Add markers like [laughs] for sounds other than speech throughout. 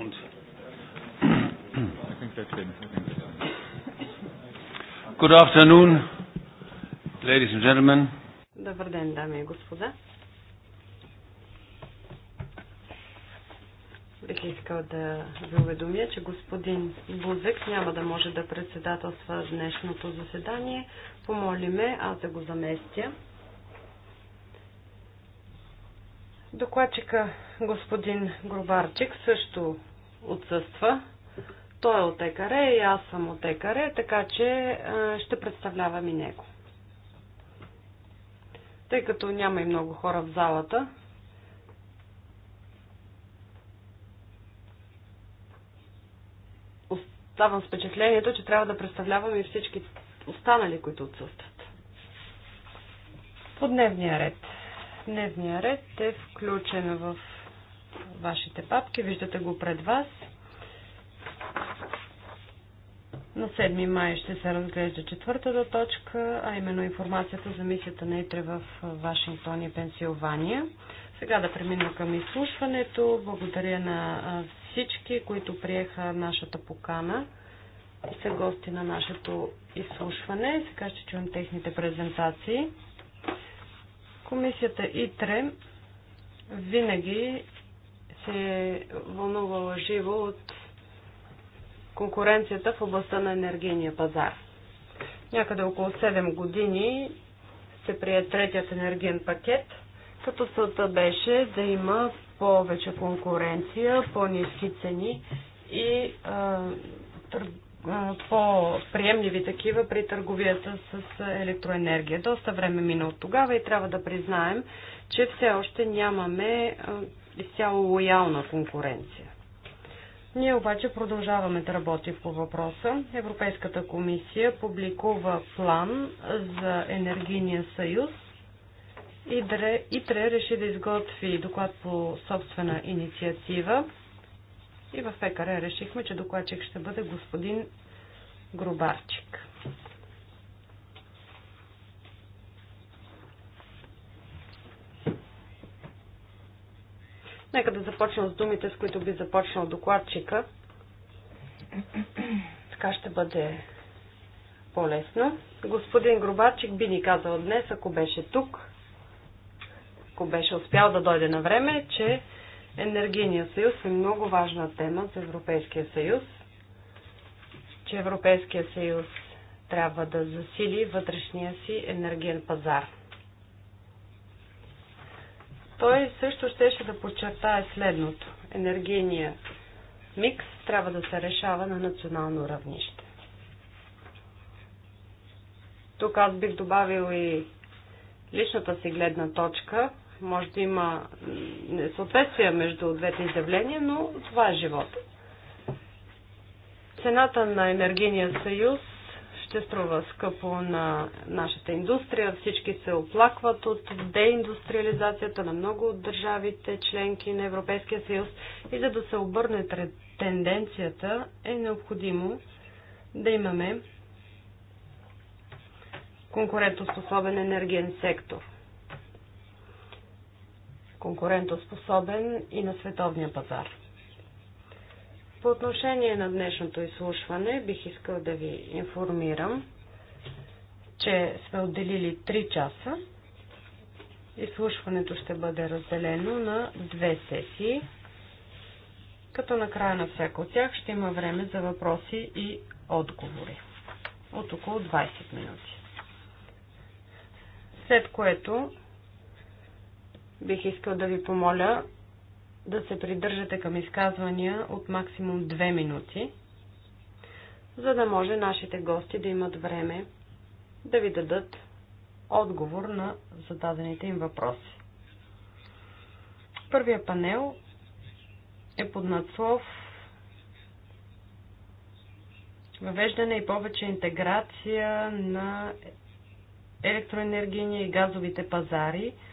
und Good afternoon, ladies and gentlemen. Добър ден, дами и господа. Бих искал да ви уведомя, че господин Бузек няма да може да председателства днешното заседание. Помолиме, аз да го заместя. Докладчика господин Гробарчик също отсъства. Той е от ЕКАРЕ и аз съм от ЕКАРЕ, така че ще представлявам и него. Тъй като няма и много хора в залата, оставам с впечатлението, че трябва да представлявам и всички останали, които отсъстват. По дневния ред. Дневния ред е включен в вашите папки. Виждате го пред вас. На 7 май ще се разглежда четвъртата точка, а именно информацията за мисията на ИТРЕ в Вашингтон и Пенсилвания. Сега да преминем към изслушването. Благодаря на всички, които приеха нашата покана и са гости на нашето изслушване. Сега ще чуем техните презентации. Комисията ИТРЕ винаги се вълнувала живо от конкуренцията в областта на енергийния пазар. Някъде около 7 години се прие третият енергиен пакет, като целта беше да има повече конкуренция, по-низки цени и а, а, по-приемливи такива при търговията с електроенергия. Доста време мина от тогава и трябва да признаем, че все още нямаме изцяло лоялна конкуренция. Ние обаче продължаваме да работим по въпроса. Европейската комисия публикува план за енергийния съюз и ИТРЕ реши да изготви доклад по собствена инициатива и в ПКР решихме, че докладчик ще бъде господин Грубарчик. Нека да започнем с думите, с които би започнал докладчика. Така ще бъде по-лесно. Господин Грубарчик би ни казал днес, ако беше тук, ако беше успял да дойде на време, че енергийният съюз е много важна тема за Европейския съюз, че Европейския съюз трябва да засили вътрешния си енергиен пазар – той също щеше да подчертае следното. Енергийния микс трябва да се решава на национално равнище. Тук аз бих добавил и личната си гледна точка. Може да има несъответствие между двете изявления, но това е живота. Цената на енергийния съюз ще струва скъпо на нашата индустрия. Всички се оплакват от деиндустриализацията на много от държавите, членки на Европейския съюз. И за да се обърне тенденцията, е необходимо да имаме конкурентоспособен енергиен сектор. Конкурентоспособен и на световния пазар. По отношение на днешното изслушване бих искал да ви информирам, че сме отделили 3 часа. Изслушването ще бъде разделено на две сесии, като накрая на всяко от тях ще има време за въпроси и отговори от около 20 минути. След което бих искал да ви помоля да се придържате към изказвания от максимум 2 минути, за да може нашите гости да имат време да ви дадат отговор на зададените им въпроси. Първия панел е под надслов Въвеждане и повече интеграция на електроенергийния и газовите пазари –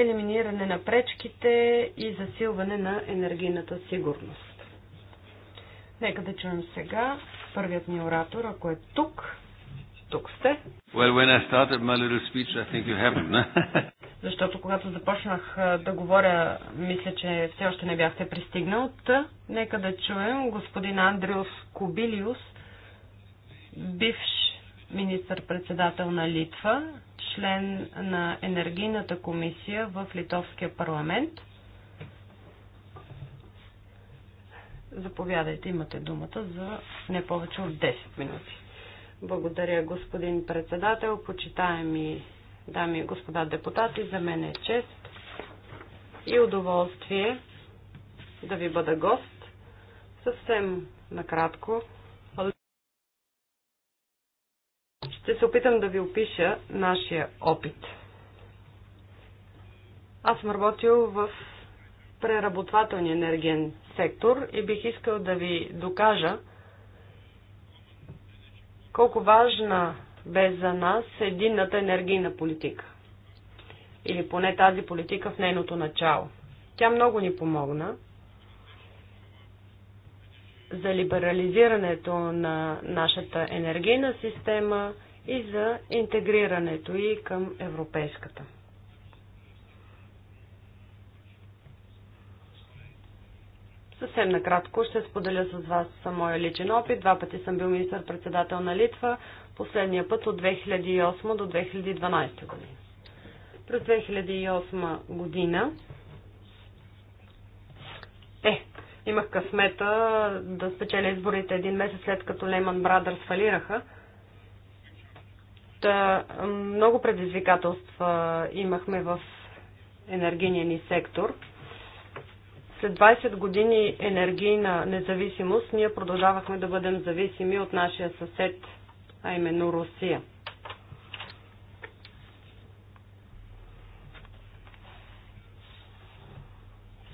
елиминиране на пречките и засилване на енергийната сигурност. Нека да чуем сега първият ми оратор, ако е тук. Тук сте. Well, when I started my little speech, I think you haven't. [laughs] Защото когато започнах да говоря, мисля, че все още не бяхте пристигнал. Та, нека да чуем господин Андриус Кобилиус, бивш министър-председател на Литва, член на енергийната комисия в Литовския парламент. Заповядайте, имате думата за не повече от 10 минути. Благодаря, господин председател, почитаеми дами и господа депутати. За мен е чест и удоволствие да ви бъда гост. Съвсем накратко Ще се опитам да ви опиша нашия опит. Аз съм работил в преработвателния енергиен сектор и бих искал да ви докажа колко важна бе за нас единната енергийна политика. Или поне тази политика в нейното начало. Тя много ни помогна за либерализирането на нашата енергийна система и за интегрирането и към европейската. Съвсем накратко ще споделя с вас моя личен опит. Два пъти съм бил министър-председател на Литва, последния път от 2008 до 2012 година. През 2008 година е, имах късмета да спечеля изборите един месец след като Лейман Брадър фалираха – много предизвикателства имахме в енергийния ни сектор. След 20 години енергийна независимост ние продължавахме да бъдем зависими от нашия съсед, а именно Русия.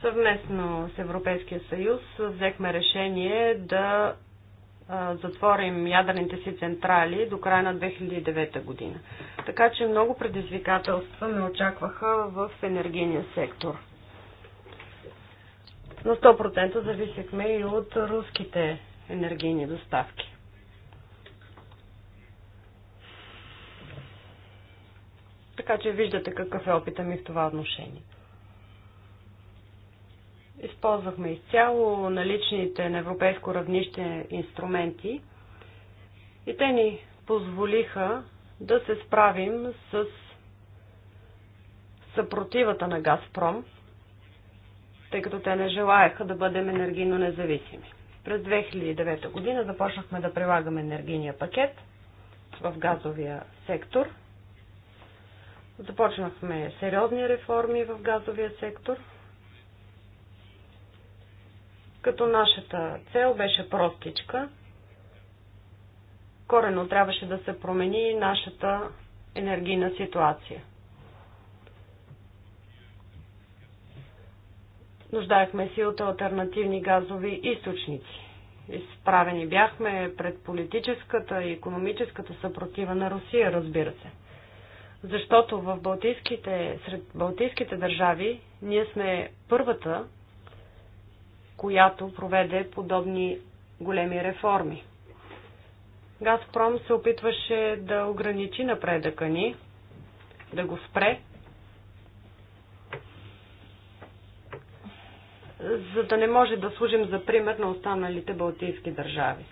Съвместно с Европейския съюз взехме решение да затворим ядрените си централи до края на 2009 година. Така че много предизвикателства ме очакваха в енергийния сектор. На 100% зависехме и от руските енергийни доставки. Така че виждате какъв е опита ми в това отношение. Използвахме изцяло наличните на европейско равнище инструменти и те ни позволиха да се справим с съпротивата на Газпром, тъй като те не желаяха да бъдем енергийно независими. През 2009 година започнахме да прилагаме енергийния пакет в газовия сектор. Започнахме сериозни реформи в газовия сектор – като нашата цел беше простичка. Корено трябваше да се промени нашата енергийна ситуация. Нуждаехме си от альтернативни газови източници. Изправени бяхме пред политическата и економическата съпротива на Русия, разбира се. Защото в Балтийските, сред Балтийските държави ние сме първата която проведе подобни големи реформи. Газпром се опитваше да ограничи напредъка ни, да го спре, за да не може да служим за пример на останалите балтийски държави.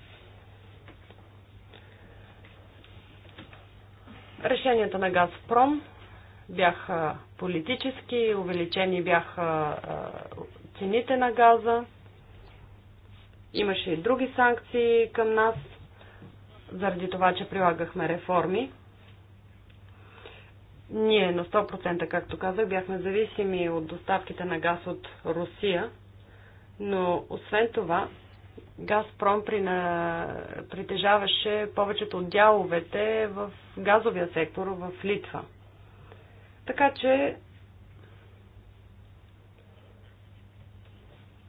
Решенията на Газпром бяха политически, увеличени бяха цените на газа. Имаше и други санкции към нас, заради това, че прилагахме реформи. Ние на 100%, както казах, бяхме зависими от доставките на газ от Русия, но освен това, Газпром прина... притежаваше повечето от дяловете в газовия сектор в Литва. Така че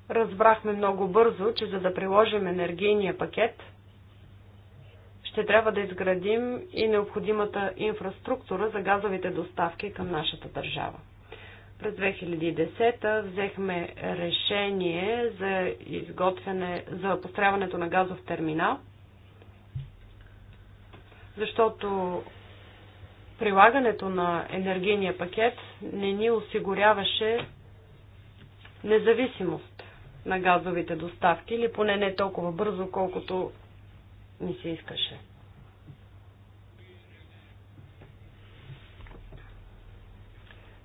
разбрахме много бързо, че за да приложим енергийния пакет, ще трябва да изградим и необходимата инфраструктура за газовите доставки към нашата държава. През 2010 взехме решение за изготвяне, за построяването на газов терминал, защото прилагането на енергийния пакет не ни осигуряваше независимост на газовите доставки или поне не толкова бързо, колкото ми се искаше.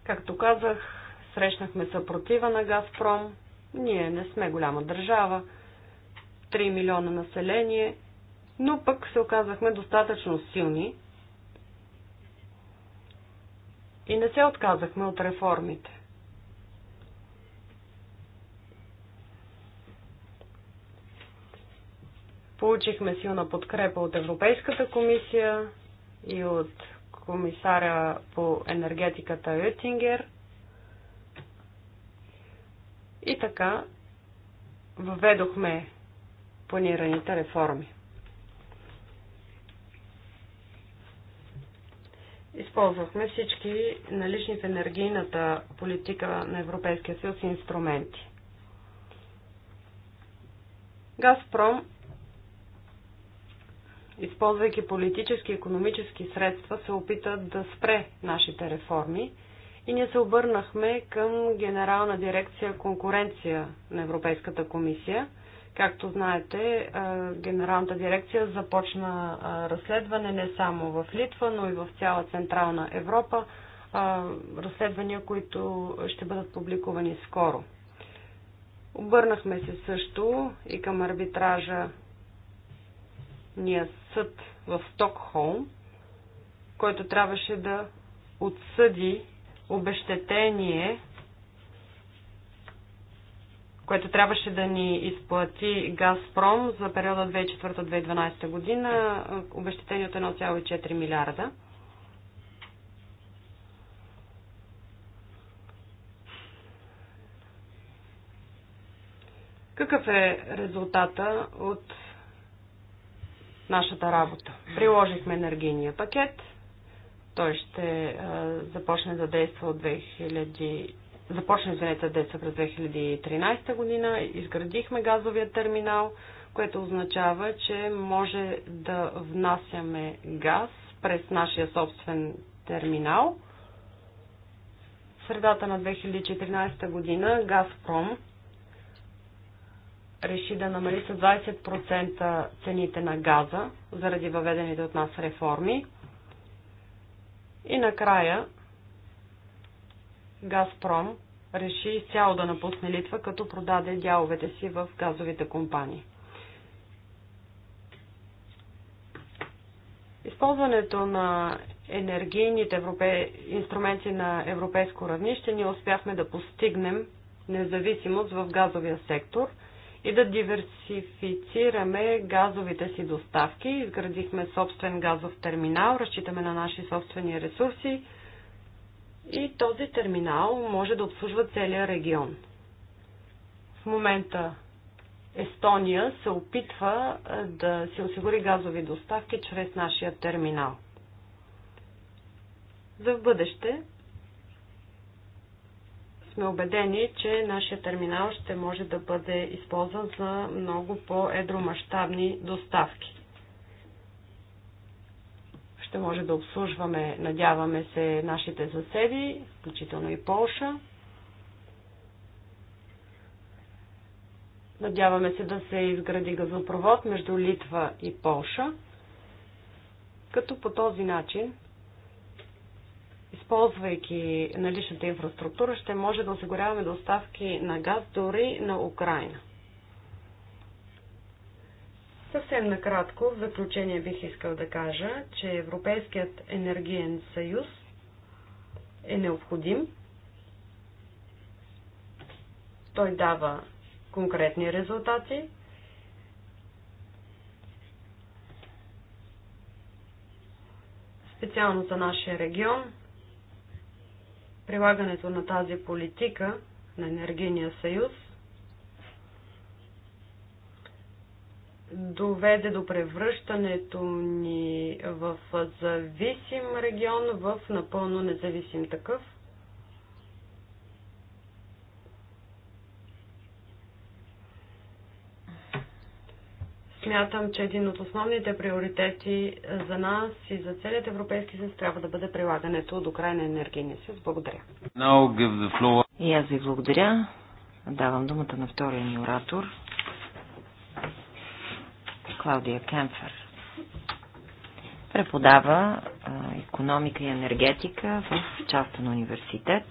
Както казах, срещнахме съпротива на Газпром. Ние не сме голяма държава, 3 милиона население, но пък се оказахме достатъчно силни и не се отказахме от реформите. Получихме силна подкрепа от Европейската комисия и от комисаря по енергетиката Ютингер. И така въведохме планираните реформи. Използвахме всички налични в енергийната политика на Европейския съюз инструменти. Газпром използвайки политически и економически средства, се опита да спре нашите реформи и ние се обърнахме към Генерална дирекция конкуренция на Европейската комисия. Както знаете, Генералната дирекция започна разследване не само в Литва, но и в цяла Централна Европа. Разследвания, които ще бъдат публикувани скоро. Обърнахме се също и към арбитража Конституционния съд в Стокхолм, който трябваше да отсъди обещетение, което трябваше да ни изплати Газпром за периода 2004-2012 година, обещетение от 1,4 милиарда. Какъв е резултата от нашата работа. Приложихме енергийния пакет. Той ще започне да действа от 2000 започна извинете действа през 2013 година, изградихме газовия терминал, което означава, че може да внасяме газ през нашия собствен терминал. В средата на 2014 година Газпром реши да намали с 20% цените на газа заради въведените от нас реформи. И накрая Газпром реши изцяло да напусне Литва, като продаде дяловете си в газовите компании. Използването на енергийните европе... инструменти на европейско равнище ние успяхме да постигнем независимост в газовия сектор – и да диверсифицираме газовите си доставки. Изградихме собствен газов терминал, разчитаме на наши собствени ресурси и този терминал може да обслужва целия регион. В момента Естония се опитва да си осигури газови доставки чрез нашия терминал. За в бъдеще сме убедени, че нашия терминал ще може да бъде използван за много по-едромащабни доставки. Ще може да обслужваме, надяваме се, нашите съседи, включително и Полша. Надяваме се да се изгради газопровод между Литва и Полша, като по този начин използвайки наличната инфраструктура, ще може да осигуряваме доставки на газ дори на Украина. Съвсем накратко, в заключение бих искал да кажа, че Европейският енергиен съюз е необходим. Той дава конкретни резултати. Специално за нашия регион прилагането на тази политика на енергийния съюз доведе до превръщането ни в зависим регион, в напълно независим такъв – смятам, че един от основните приоритети за нас и за целият Европейски съюз трябва да бъде прилагането до край на енергийния съюз. Благодаря. И аз ви благодаря. Давам думата на втория ни оратор. Клаудия Кемфер. Преподава економика и енергетика в частен университет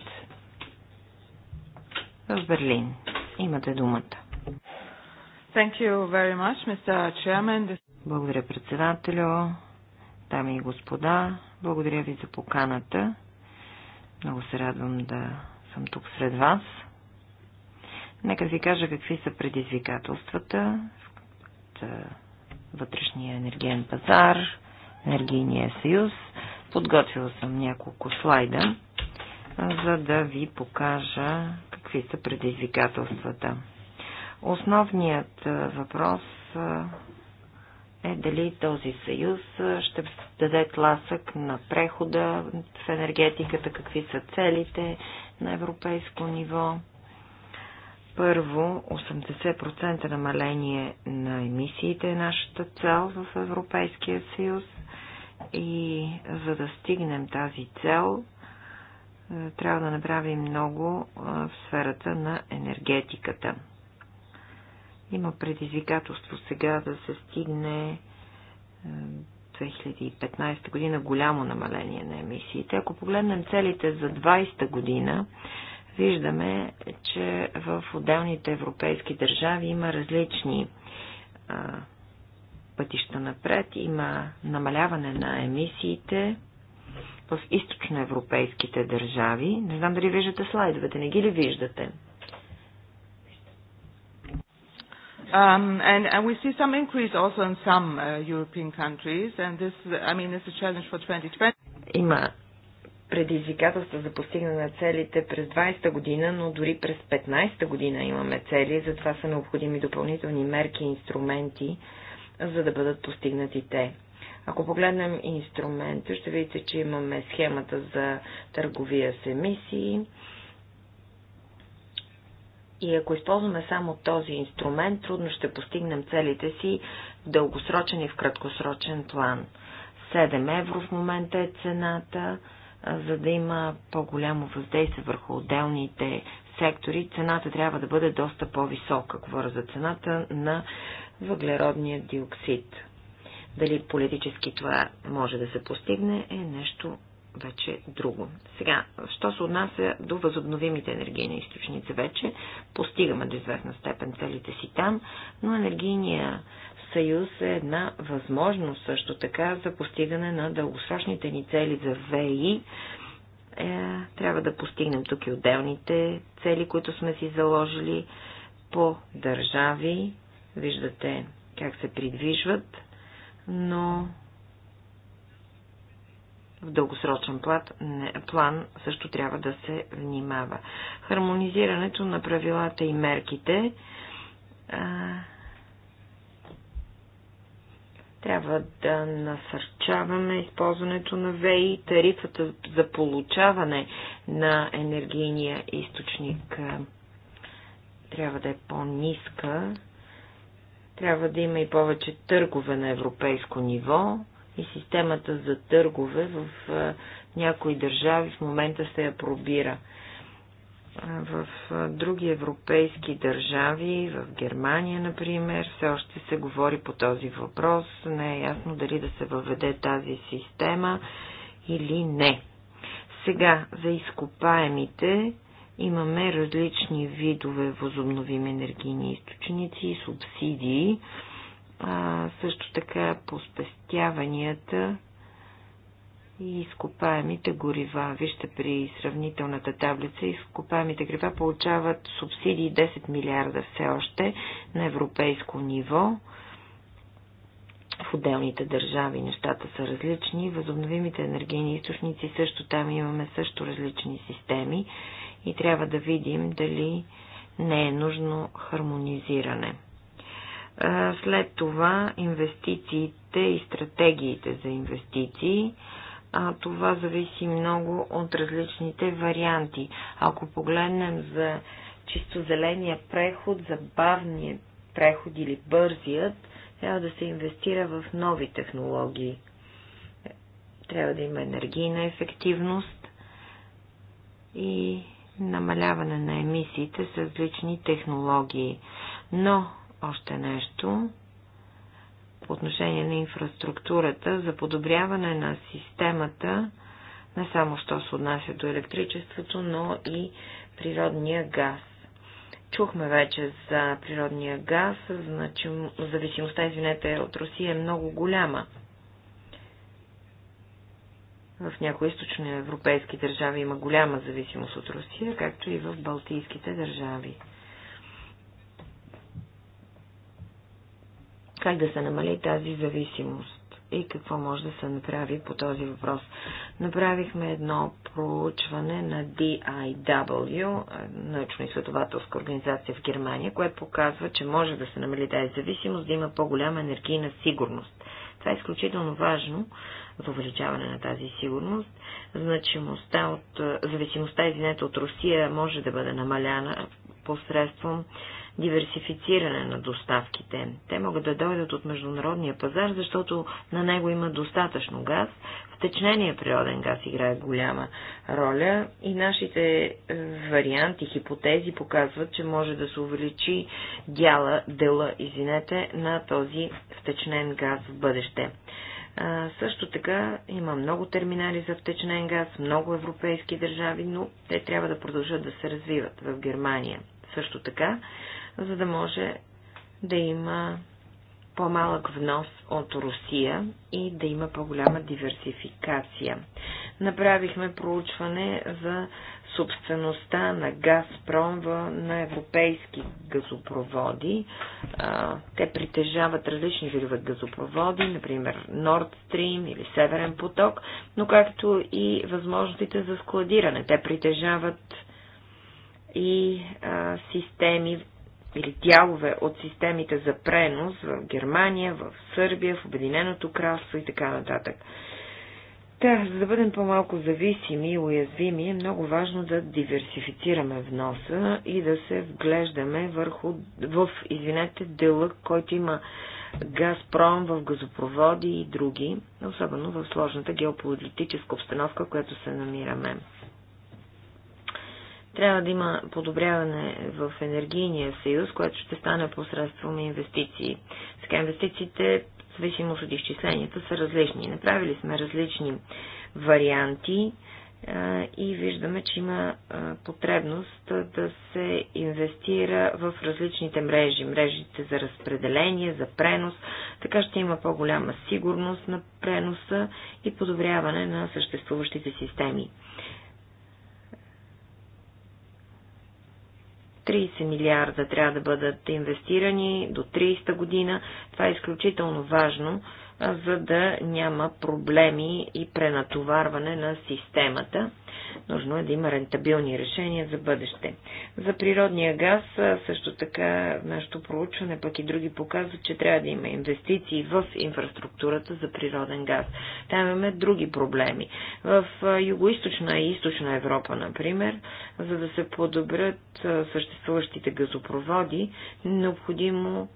в Берлин. Имате думата. Thank you very much, Mr. Chairman. Благодаря, председателю, дами и господа. Благодаря ви за поканата. Много се радвам да съм тук сред вас. Нека ви кажа какви са предизвикателствата вътрешния енергиен пазар, енергийния съюз. Подготвила съм няколко слайда, за да ви покажа какви са предизвикателствата. Основният въпрос е дали този съюз ще даде тласък на прехода в енергетиката, какви са целите на европейско ниво. Първо, 80% намаление на емисиите е нашата цел в Европейския съюз и за да стигнем тази цел, трябва да направим много в сферата на енергетиката. Има предизвикателство сега да се стигне 2015 е, година голямо намаление на емисиите. Ако погледнем целите за 2020 година, виждаме, че в отделните европейски държави има различни а, е, пътища напред. Има намаляване на емисиите в източноевропейските държави. Не знам дали виждате слайдовете, не ги ли виждате? Um, and, and we see some increase also in some uh, European countries, and this, I mean, is a challenge for 2020. Има предизвикателства за постигане на целите през 20-та година, но дори през 15-та година имаме цели, затова са необходими допълнителни мерки и инструменти, за да бъдат постигнати те. Ако погледнем инструмента, ще видите, че имаме схемата за търговия с емисии, и ако използваме само този инструмент, трудно ще постигнем целите си в дългосрочен и в краткосрочен план. 7 евро в момента е цената, за да има по-голямо въздействие върху отделните сектори, цената трябва да бъде доста по-висока. Говоря за цената на въглеродния диоксид. Дали политически това може да се постигне е нещо вече друго. Сега, що се отнася до възобновимите енергийни източници вече, постигаме до известна степен целите си там, но енергийния съюз е една възможност също така за постигане на дългосрочните ни цели за ВИ. Е, трябва да постигнем тук и отделните цели, които сме си заложили по държави. Виждате как се придвижват, но в дългосрочен план също трябва да се внимава. Хармонизирането на правилата и мерките трябва да насърчаваме използването на ВЕИ, тарифата за получаване на енергийния източник трябва да е по-ниска, трябва да има и повече търгове на европейско ниво, и системата за търгове в някои държави в момента се я пробира. В други европейски държави, в Германия, например, все още се говори по този въпрос. Не е ясно дали да се въведе тази система или не. Сега, за изкопаемите имаме различни видове възобновими енергийни източници и субсидии а, също така по спестяванията и изкопаемите горива. Вижте при сравнителната таблица, изкопаемите горива получават субсидии 10 милиарда все още на европейско ниво. В отделните държави нещата са различни. Възобновимите енергийни източници също там имаме също различни системи и трябва да видим дали не е нужно хармонизиране. След това инвестициите и стратегиите за инвестиции. А, това зависи много от различните варианти. Ако погледнем за чисто зеления преход, за бавния преход или бързият, трябва да се инвестира в нови технологии. Трябва да има енергийна ефективност и намаляване на емисиите с различни технологии. Но още нещо по отношение на инфраструктурата за подобряване на системата, не само що се отнася до електричеството, но и природния газ. Чухме вече за природния газ, значим, зависимостта, извинете, от Русия е много голяма. В някои източноевропейски държави има голяма зависимост от Русия, както и в балтийските държави. как да се намали тази зависимост и какво може да се направи по този въпрос. Направихме едно проучване на DIW, научно-изследователска организация в Германия, което показва, че може да се намали тази зависимост, да има по-голяма енергийна сигурност. Това е изключително важно за увеличаване на тази сигурност. Значимостта от, зависимостта, извинете, от Русия може да бъде намаляна посредством диверсифициране на доставките. Те могат да дойдат от международния пазар, защото на него има достатъчно газ. Втечнения природен газ играе голяма роля и нашите е, варианти, хипотези показват, че може да се увеличи дяла, дела, извинете, на този втечнен газ в бъдеще. Е, също така има много терминали за втечнен газ, много европейски държави, но те трябва да продължат да се развиват в Германия. Също така за да може да има по-малък внос от Русия и да има по-голяма диверсификация. Направихме проучване за собствеността на Газпром на европейски газопроводи. Те притежават различни видове газопроводи, например Nord Stream или Северен поток, но както и възможностите за складиране. Те притежават и а, системи или дялове от системите за пренос в Германия, в Сърбия, в Обединеното кралство и така нататък. Та, за да бъдем по-малко зависими и уязвими, е много важно да диверсифицираме вноса и да се вглеждаме върху, в, извинете, дълъг, който има Газпром в газопроводи и други, особено в сложната геополитическа обстановка, в която се намираме. Трябва да има подобряване в енергийния съюз, което ще стане посредством инвестиции. Сега инвестициите, в зависимост от изчисленията, са различни. Направили сме различни варианти и виждаме, че има потребност да се инвестира в различните мрежи. Мрежите за разпределение, за пренос. Така ще има по-голяма сигурност на преноса и подобряване на съществуващите системи. 30 милиарда трябва да бъдат инвестирани до 30 година. Това е изключително важно, за да няма проблеми и пренатоварване на системата. Нужно е да има рентабилни решения за бъдеще. За природния газ също така нашето проучване, пък и други показват, че трябва да има инвестиции в инфраструктурата за природен газ. Там имаме други проблеми. В Юго-Источна и източна Европа, например, за да се подобрят съществуващите газопроводи, необходимо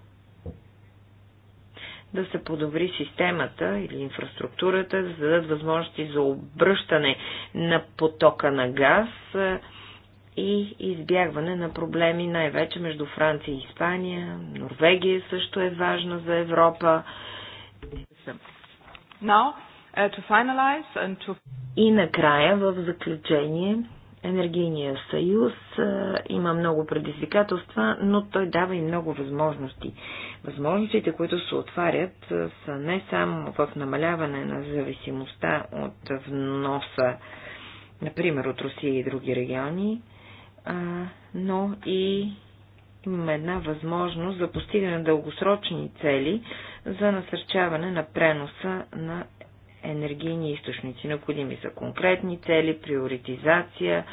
да се подобри системата или инфраструктурата, да се дадат възможности за обръщане на потока на газ и избягване на проблеми най-вече между Франция и Испания. Норвегия също е важна за Европа. Now, uh, to and to... И накрая, в заключение, Енергийния съюз има много предизвикателства, но той дава и много възможности. Възможностите, които се отварят, са не само в намаляване на зависимостта от вноса, например от Русия и други региони, но и имаме една възможност за постигане на дългосрочни цели за насърчаване на преноса на енергийни източници, необходими са конкретни цели, приоритизация,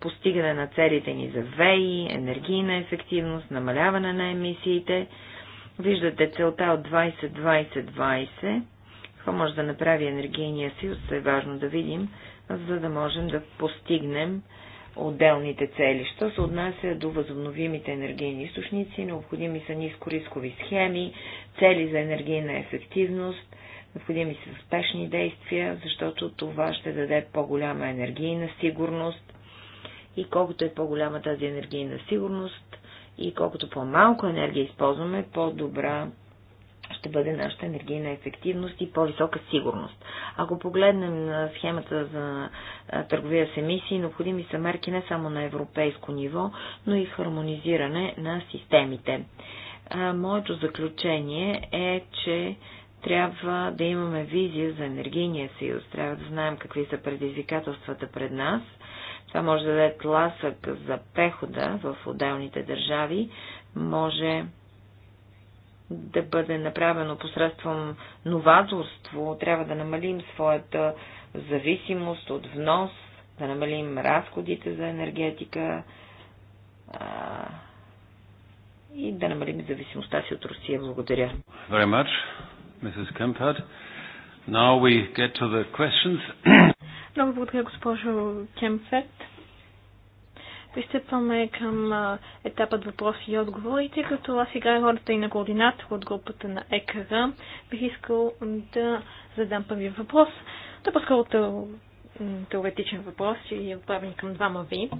постигане на целите ни за ВЕИ, енергийна ефективност, намаляване на емисиите. Виждате целта от 20-20-20. Какво може да направи енергийния съюз, е важно да видим, за да можем да постигнем отделните цели. Що се отнася до възобновимите енергийни източници, необходими са нискорискови схеми, цели за енергийна ефективност, необходими са спешни действия, защото това ще даде по-голяма енергийна сигурност и колкото е по-голяма тази енергийна сигурност и колкото по-малко енергия използваме, по-добра ще бъде нашата енергийна ефективност и по-висока сигурност. Ако погледнем на схемата за търговия с емисии, необходими са мерки не само на европейско ниво, но и хармонизиране на системите. Моето заключение е, че трябва да имаме визия за енергийния съюз, трябва да знаем какви са предизвикателствата пред нас. Това може да даде тласък за прехода в отделните държави, може да бъде направено посредством новаторство, трябва да намалим своята зависимост от внос, да намалим разходите за енергетика а, и да намалим зависимостта си от Русия. Благодаря. Very much, Mrs. Kempert. Now we get to the questions. Много благодаря, госпожо Кемфет. Пристъпваме към етапът въпроси и отговори, тъй като аз играя ролята и на координатор от групата на ЕКР. Бих искал да задам първия въпрос. Да е по-скоро теоретичен въпрос че я отправен към двама ви.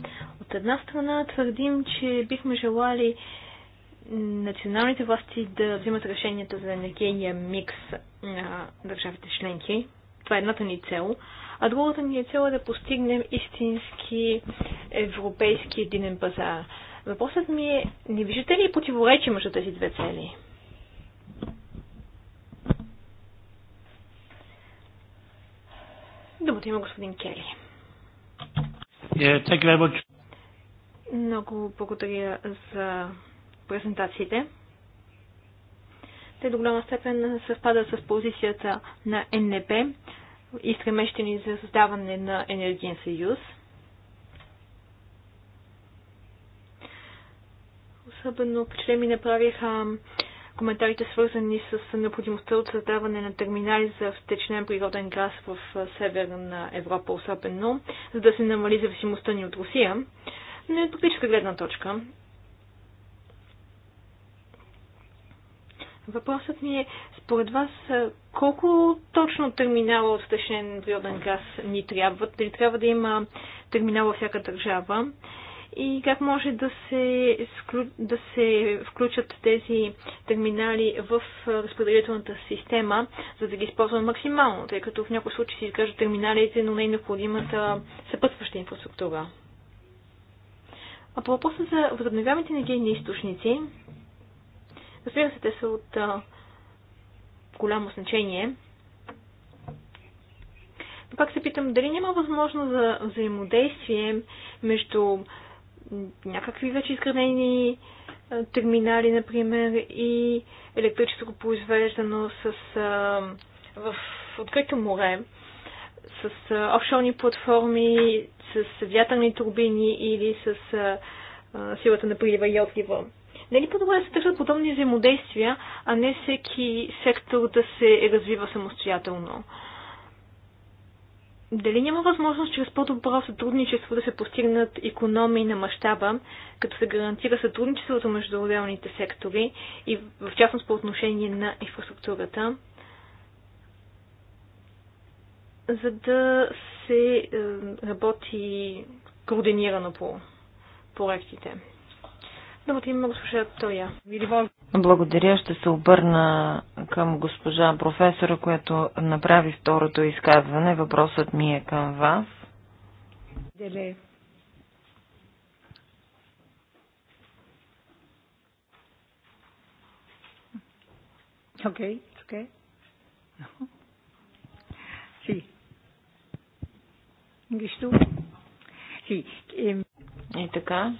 От една страна твърдим, че бихме желали националните власти да взимат решенията за енергийния микс на държавите членки. Това е едната ни цел а другата ни е цел е да постигнем истински европейски единен пазар. Въпросът ми е, не виждате ли противоречие между тези две цели? Думата има господин Кели. Yeah, Много благодаря за презентациите. Те до голяма степен съвпадат с позицията на НП и стремещи ни за създаване на енергиен съюз. Особено впечатление ми направиха коментарите свързани с необходимостта от създаване на терминали за втечнен природен газ в Северна Европа особено, за да се намали зависимостта ни от Русия. Но е от практическа гледна точка. Въпросът ми е според вас, колко точно терминала от втечнен природен газ ни трябва? Дали трябва да има терминал във всяка държава? И как може да се, да се включат тези терминали в разпределителната система, за да ги използваме максимално, тъй като в някои случаи се изграждат терминалите, но не е необходимата съпътстваща инфраструктура? А по въпроса за възобновяемите енергийни източници, разбира се, те са от голямо значение. Но пак се питам, дали няма възможност за взаимодействие между някакви вече изградени терминали, например, и електрическо произвеждано с, а, в открито море, с а, офшорни платформи, с вятърни турбини или с а, силата на прилива и отлива. Нали по-добре да се търсят подобни взаимодействия, а не всеки сектор да се развива самостоятелно? Дали няма възможност чрез по-добро сътрудничество да се постигнат економии на мащаба, като се гарантира сътрудничеството между отделните сектори и в частност по отношение на инфраструктурата, за да се е, работи координирано по проектите? Да, Думата има госпожа Тоя. Благодаря. Ще се обърна към госпожа професора, която направи второто изказване. Въпросът ми е към вас. Деле. Окей, окей. Си. No. И така.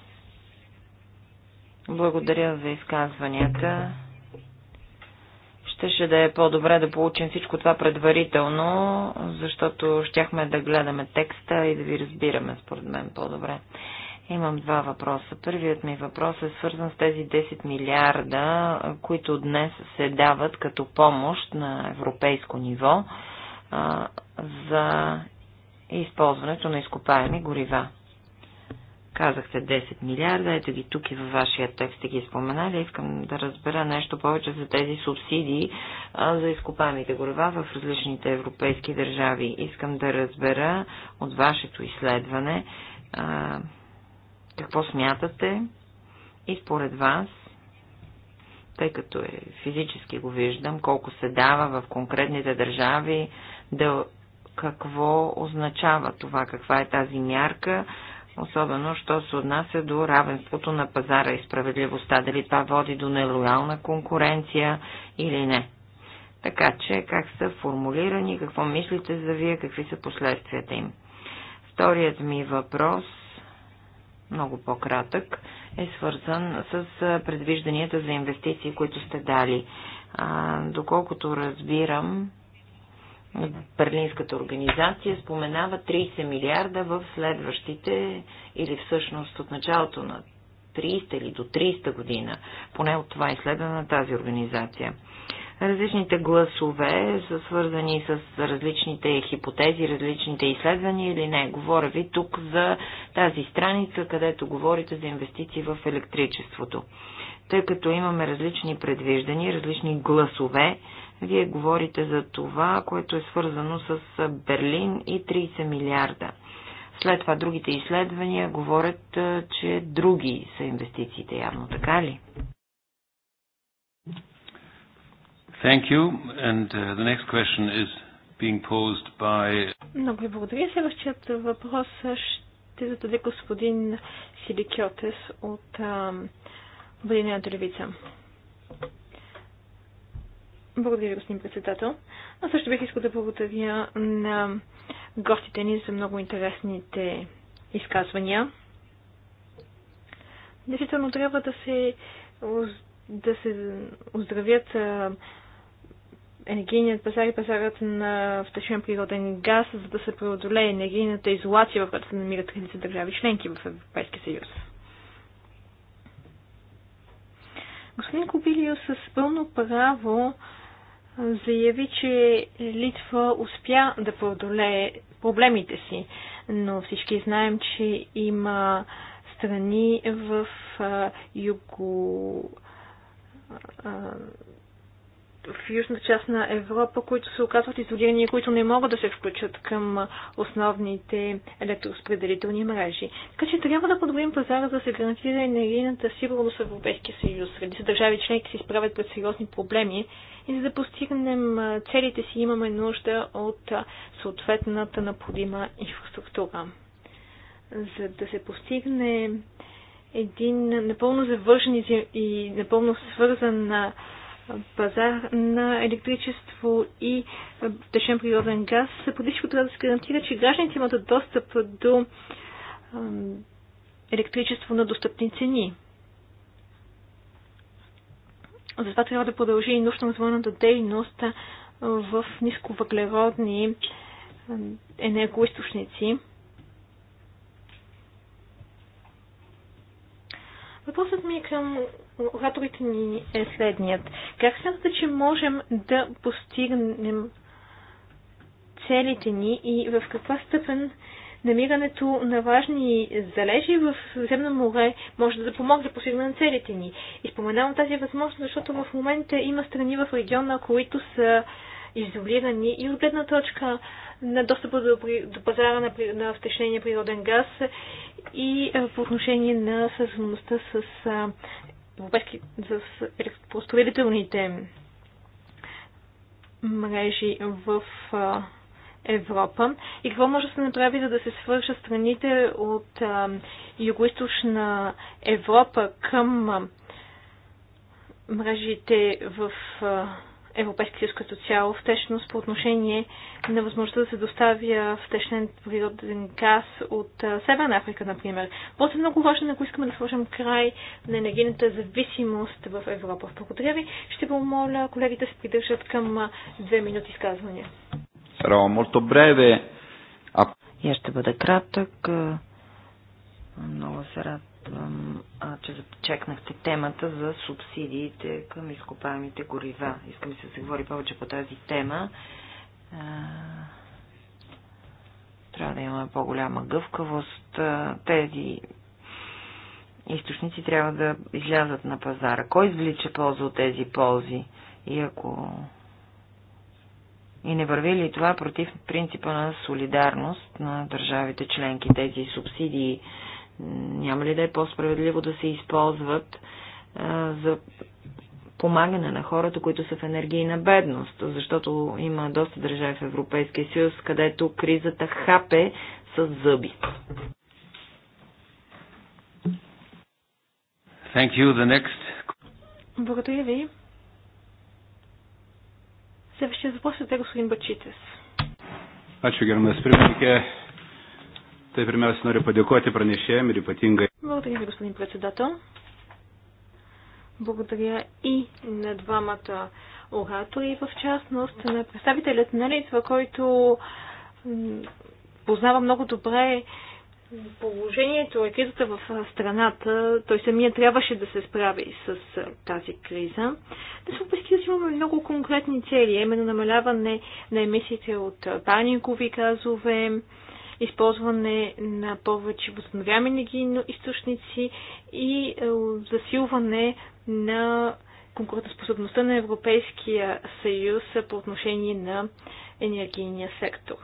Благодаря за изказванията. Щеше да е по-добре да получим всичко това предварително, защото щяхме да гледаме текста и да ви разбираме, според мен, по-добре. Имам два въпроса. Първият ми въпрос е свързан с тези 10 милиарда, които днес се дават като помощ на европейско ниво а, за използването на изкопаеми горива. Казахте 10 милиарда, ето ги тук и във вашия текст сте ги споменали. Искам да разбера нещо повече за тези субсидии а, за изкопаемите горева в различните европейски държави. Искам да разбера от вашето изследване а, какво смятате и според вас тъй като е, физически го виждам, колко се дава в конкретните държави, да, какво означава това, каква е тази мярка, особено, що се отнася до равенството на пазара и справедливостта, дали това води до нелоялна конкуренция или не. Така че, как са формулирани, какво мислите за вие, какви са последствията им. Вторият ми въпрос, много по-кратък, е свързан с предвижданията за инвестиции, които сте дали. А, доколкото разбирам, Берлинската организация споменава 30 милиарда в следващите или всъщност от началото на 30 или до 30 година, поне от това изследване е на тази организация. Различните гласове са свързани с различните хипотези, различните изследвания или не. Говоря ви тук за тази страница, където говорите за инвестиции в електричеството. Тъй като имаме различни предвиждания, различни гласове, вие говорите за това, което е свързано с Берлин и 30 милиарда. След това другите изследвания говорят, че други са инвестициите, явно така ли? Thank you. And uh, the next question is being posed by... Много ви благодаря. Следващият въпрос ще зададе господин Силикиотес от Обединената левица. Благодаря, господин председател. Аз също бих искал да благодаря на гостите ни за много интересните изказвания. Действително трябва да се, да се оздравят енергийният пазар и пазарът на втечен природен газ, за да се преодолее енергийната изолация, в която се намират редица държави членки в Европейския съюз. Господин Кобилио с пълно право заяви, че Литва успя да преодолее проблемите си, но всички знаем, че има страни в юго в южната част на Европа, които се оказват изолирани и които не могат да се включат към основните електроспределителни мрежи. Така че трябва да подобрим пазара, за да се гарантира енергийната сигурност в Европейския съюз. Редица държави членки се изправят пред сериозни проблеми и за да постигнем целите си имаме нужда от съответната необходима инфраструктура. За да се постигне един напълно завършен и напълно свързан пазар на електричество и е, течен природен газ, Политичко трябва да се гарантира, че гражданите имат достъп до е, електричество на достъпни цени. Затова трябва да продължи и научно-развойната дейност е, в нисковъглеродни енергоисточници. Въпросът ми е към ораторите ни е следният. Как смятате, че можем да постигнем целите ни и в каква степен намирането на важни залежи в земно море може да помогне да постигнем целите ни? И споменавам тази възможност, защото в момента има страни в региона, които са изолирани и от гледна точка на достъпа до, до пазара на, на втечнения природен газ и по отношение на свързаността с европейски, мрежи в Европа и какво може да се направи, за да се свържа страните от Юго-Источна Европа към мрежите в а, Европейския съюз като цяло, втечност по отношение на възможността да се доставя втечнен природен газ от Северна Африка, например. После е много важно, ако искаме да сложим край на енергийната зависимост в Европа. Благодаря ви. Ще помоля колегите да се придържат към две минути изказвания. Саро, molto бреве. Я ще бъда кратък. Много се радвам че зачекнахте темата за субсидиите към изкопаемите горива. Искам да се говори повече по тази тема. Трябва да имаме по-голяма гъвкавост. Тези източници трябва да излязат на пазара. Кой извлича полза от тези ползи? И ако и не върви ли това против принципа на солидарност на държавите членки, тези субсидии, няма ли да е по-справедливо да се използват а, за помагане на хората, които са в енергийна бедност, защото има доста държави в Европейския съюз, където кризата хапе с зъби. Thank you. The next... Благодаря ви. Следващия въпрос е господин Бачитес. Ačiū gerbiamas pirmininkė. Tai pirmiausia, noriu padėkoti pranešėjim ir ypatingai. Благодаря ви, господин председател. Благодаря и на двамата оратори, в частност на представителят на Литва, който познава много добре положението е кризата в страната. Той самия трябваше да се справи с тази криза. Да се опасти да имаме много конкретни цели, именно намаляване на емисиите от парникови газове, използване на повече възстановяеми енергийно източници и е, засилване на конкурентоспособността на Европейския съюз по отношение на енергийния сектор.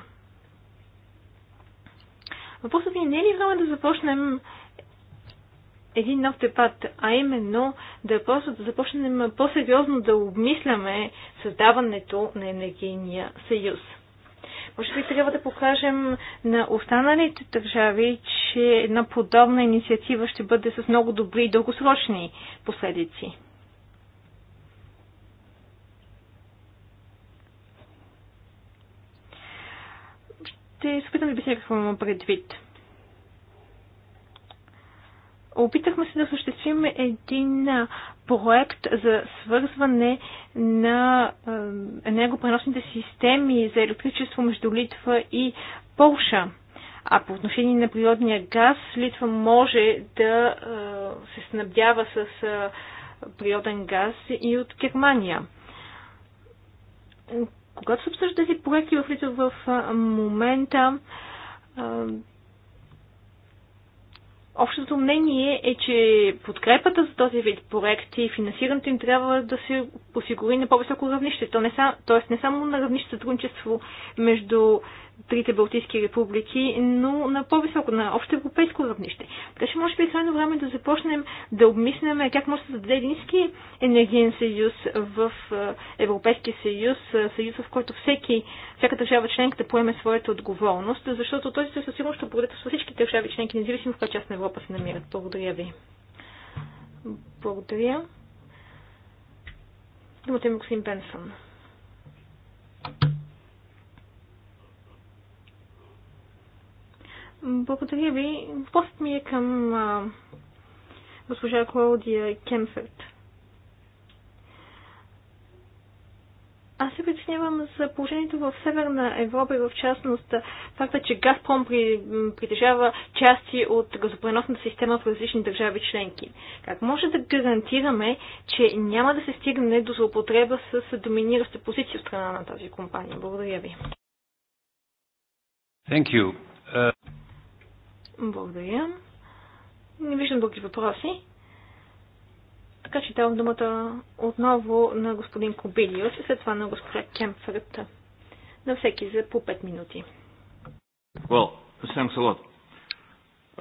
Въпросът ми е, не е ли време да започнем един нов дебат, а именно да, просто, да започнем по-сериозно да обмисляме създаването на енергийния съюз. Може би трябва да покажем на останалите държави, че една подобна инициатива ще бъде с много добри и дългосрочни последици. Ще се опитам да обясня какво имам предвид. Опитахме се да осъществим един проект за свързване на енергопреносните системи за електричество между Литва и Полша. А по отношение на природния газ, Литва може да се снабдява с природен газ и от Германия. Когато се обсъжда тези проекти в Литва в момента, Общото мнение е, че подкрепата за този вид проекти и финансирането им трябва да се осигури на по-високо равнище. То не са, т.е. не само на равнище сътрудничество между трите Балтийски републики, но на по-високо, на общо европейско равнище. Така че може би е крайно време да започнем да обмисляме как може да се даде едински енергиен съюз в е, Европейския съюз, е, съюз в който всеки, всяка държава членка да поеме своята отговорност, защото този съюз със сигурност ще бъде с всички държави членки, независимо в каква част на Европа се намират. Благодаря ви. Благодаря. Думата е Максим Бенсън. Благодаря ви. Въпросът ми е към а, госпожа Клаудия Кемферт. Аз се притеснявам за положението в Северна Европа и в частност факта, че Газпром при, притежава части от газопреносната система в различни държави членки. Как може да гарантираме, че няма да се стигне до злоупотреба с доминираща позиция в страна на тази компания? Благодаря ви. Thank you. Uh... Благодаря. Не виждам други въпроси. Така че давам думата отново на господин Кобилиус и след това на госпожа Кемфърт. На всеки за по 5 минути. Well, thanks a lot.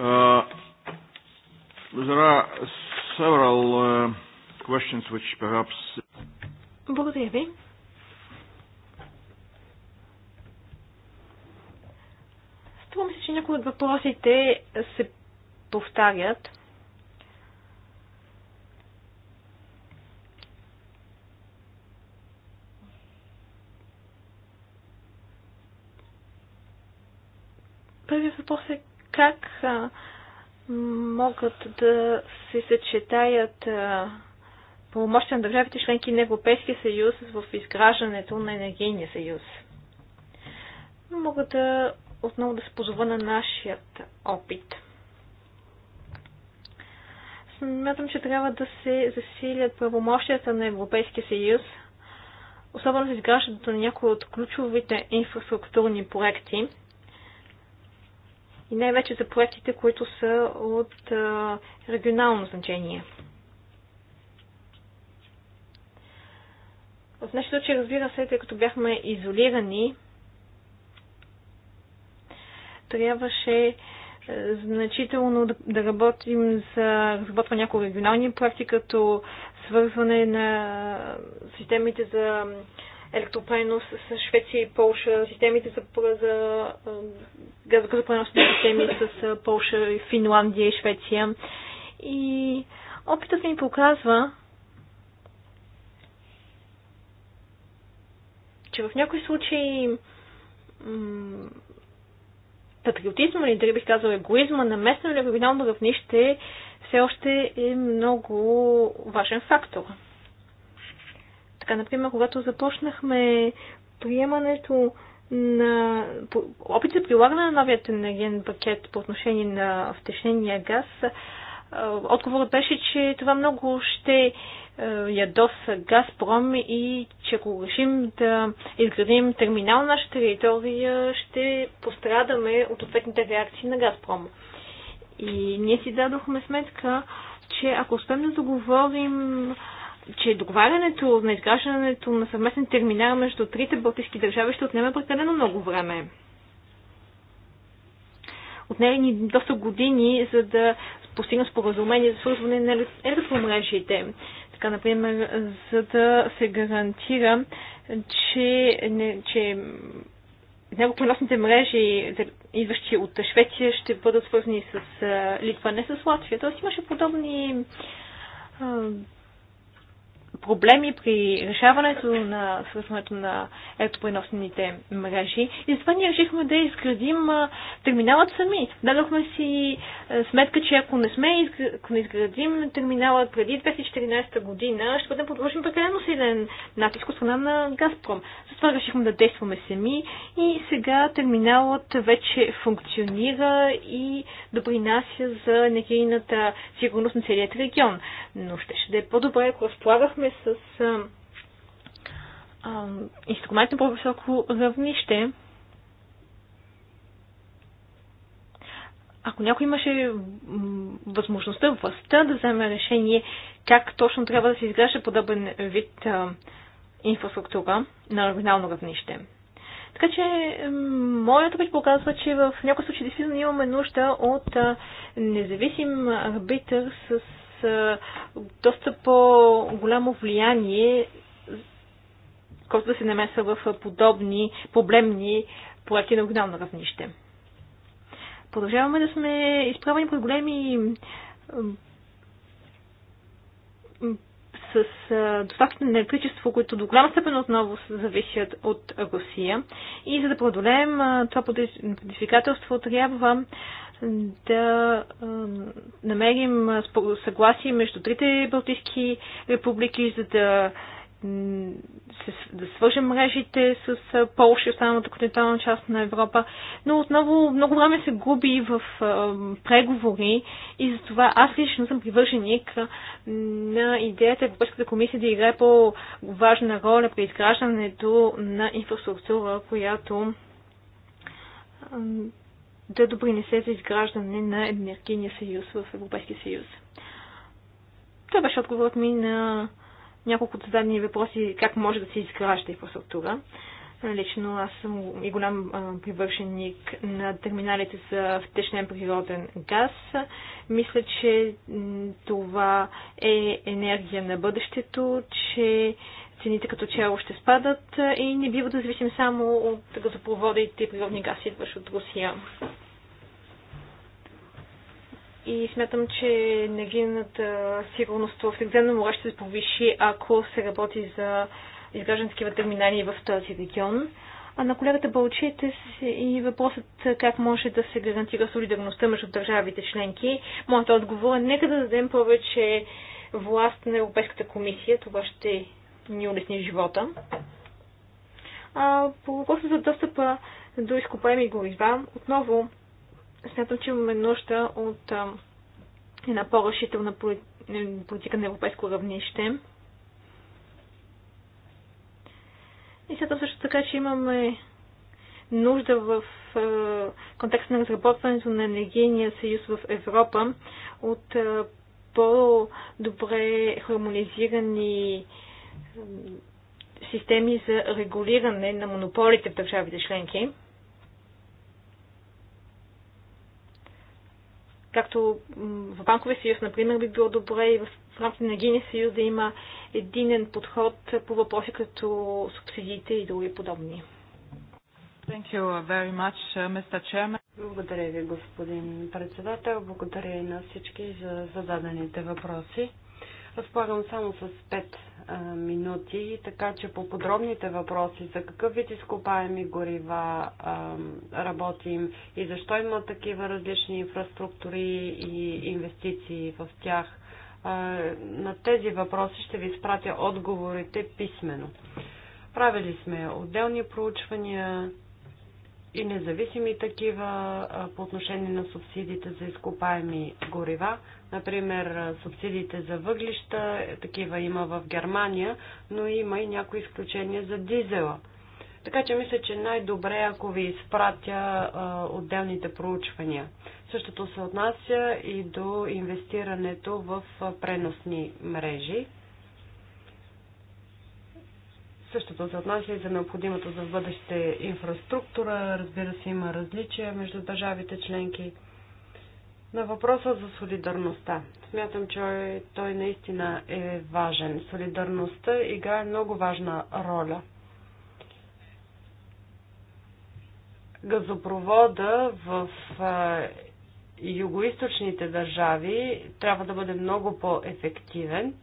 Uh, there are several uh, questions which perhaps... Благодаря ви. Струва ми се, че някои от въпросите се повтарят. Първият въпрос е как а, могат да се съчетаят а, полномощия на държавите членки на Европейския съюз в изграждането на енергийния съюз. Мога да отново да се позова на нашият опит. Смятам, че трябва да се засилят правомощията на Европейския съюз, особено с изграждането на някои от ключовите инфраструктурни проекти и най-вече за проектите, които са от регионално значение. В нещо, че разбира се, тъй като бяхме изолирани, трябваше е, значително да, работим за разработване някои регионални проекти, като свързване на системите за електропренос с Швеция и Полша, системите за, за е, газопреносните системи с е, Полша, Финландия и Швеция. И опитът ми показва, че в някои случаи патриотизма или дали бих казал егоизма на местно или регионално равнище все още е много важен фактор. Така, например, когато започнахме приемането на опит за прилагане на новият енергиен пакет по отношение на втечнения газ, отговорът беше, че това много ще е, ядоса Газпром и че ако решим да изградим терминал на нашата територия, ще пострадаме от ответните реакции на Газпром. И ние си дадохме сметка, че ако успеем да договорим че договарянето на изграждането на съвместен терминал между трите балтийски държави ще отнеме прекалено много време. Отнели ни доста години, за да постигна споразумение за свързване на електромрежите. Така, например, за да се гарантира, че, не, че преносните мрежи, идващи от Швеция, ще бъдат свързани с Литва, не с Латвия. Тоест имаше подобни проблеми при решаването на свързването на електропреносните мрежи. И затова ние решихме да изградим терминалът сами. Дадохме си сметка, че ако не сме, ако не изградим терминалът преди 2014 година, ще бъдем подложени прекалено силен натиск от страна на Газпром. Затова решихме да действаме сами и сега терминалът вече функционира и допринася за енергийната сигурност на целият регион. Но ще ще да е по-добре, ако разполагахме а, с инструмент на по-високо равнище. Ако някой имаше възможността, властта да вземе решение как точно трябва да се изгражда подобен вид а, инфраструктура на оригинално равнище. Така че, моят опит показва, че в някои случаи действително имаме нужда от независим арбитър с доста по-голямо влияние, който да се намеса в подобни проблемни проекти на огнално равнище. Продължаваме да сме изправени по големи с доставките на електричество, които до голяма степен отново зависят от Русия. И за да преодолеем това предизвикателство, трябва да намерим съгласие между трите Балтийски републики, за да да свържем мрежите с Полша и останалата континентална част на Европа. Но отново много време се губи в преговори и затова аз лично съм привърженик на идеята Европейската комисия да играе по-важна роля при изграждането на инфраструктура, която да допринесе за изграждане на енергийния съюз в Европейския съюз. Това беше отговорът ми на няколкото зададени въпроси как може да се изгражда инфраструктура. Лично аз съм и голям привършеник на терминалите за втечнен природен газ. Мисля, че това е енергия на бъдещето, че цените като чело ще спадат и не бива да зависим само от газопроводите и природни газ, идващи от Русия и смятам, че енергийната сигурност в Средиземно море ще се повиши, ако се работи за изграждане такива терминали в този регион. А на колегата Балчите и въпросът как може да се гарантира солидарността между държавите членки. Моят отговор е нека да дадем повече власт на Европейската комисия. Това ще ни улесни живота. А, по въпроса за достъпа до изкопаеми горива, отново Смятам, че имаме нужда от една по-решителна политика на европейско равнище. И след също така, че имаме нужда в контекста на разработването на енергийния съюз в Европа от по-добре хармонизирани системи за регулиране на монополите в държавите членки. както в Банковия съюз, например, би било добре и в рамките на Гиния съюз да има единен подход по въпроси като субсидиите и други подобни. Thank you very much, uh, Mr. Благодаря ви, господин председател. Благодаря и на всички за зададените въпроси. Разполагам само с пет минути, така че по подробните въпроси за какъв вид изкопаеми горива работим и защо има такива различни инфраструктури и инвестиции в тях, на тези въпроси ще ви изпратя отговорите писменно. Правили сме отделни проучвания и независими такива по отношение на субсидиите за изкопаеми горива. Например, субсидиите за въглища, такива има в Германия, но има и някои изключения за дизела. Така че мисля, че най-добре ако ви изпратя а, отделните проучвания. Същото се отнася и до инвестирането в преносни мрежи. Същото се отнася и за необходимото за бъдеще инфраструктура. Разбира се, има различия между държавите членки. На въпроса за солидарността. Смятам, че той наистина е важен. Солидарността играе много важна роля. Газопровода в югоисточните държави трябва да бъде много по-ефективен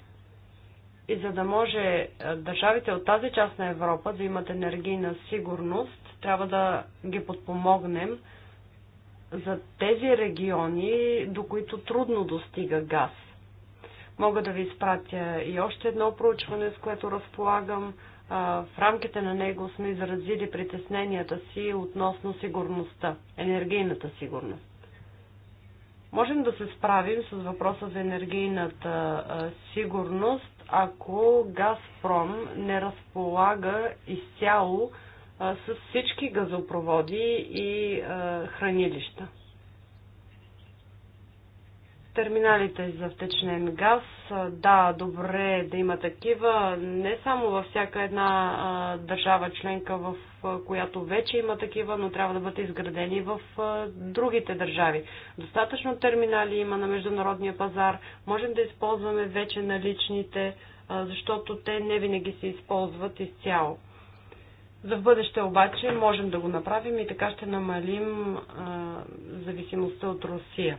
и за да може държавите от тази част на Европа да имат енергийна сигурност, трябва да ги подпомогнем – за тези региони, до които трудно достига газ. Мога да ви изпратя и още едно проучване, с което разполагам. В рамките на него сме изразили притесненията си относно сигурността, енергийната сигурност. Можем да се справим с въпроса за енергийната сигурност, ако Газпром не разполага изцяло с всички газопроводи и хранилища. Терминалите за втечнен газ, да, добре е да има такива, не само във всяка една държава членка, в която вече има такива, но трябва да бъдат изградени в другите държави. Достатъчно терминали има на международния пазар, можем да използваме вече наличните, защото те не винаги се използват изцяло. За в бъдеще обаче можем да го направим и така ще намалим а, зависимостта от Русия.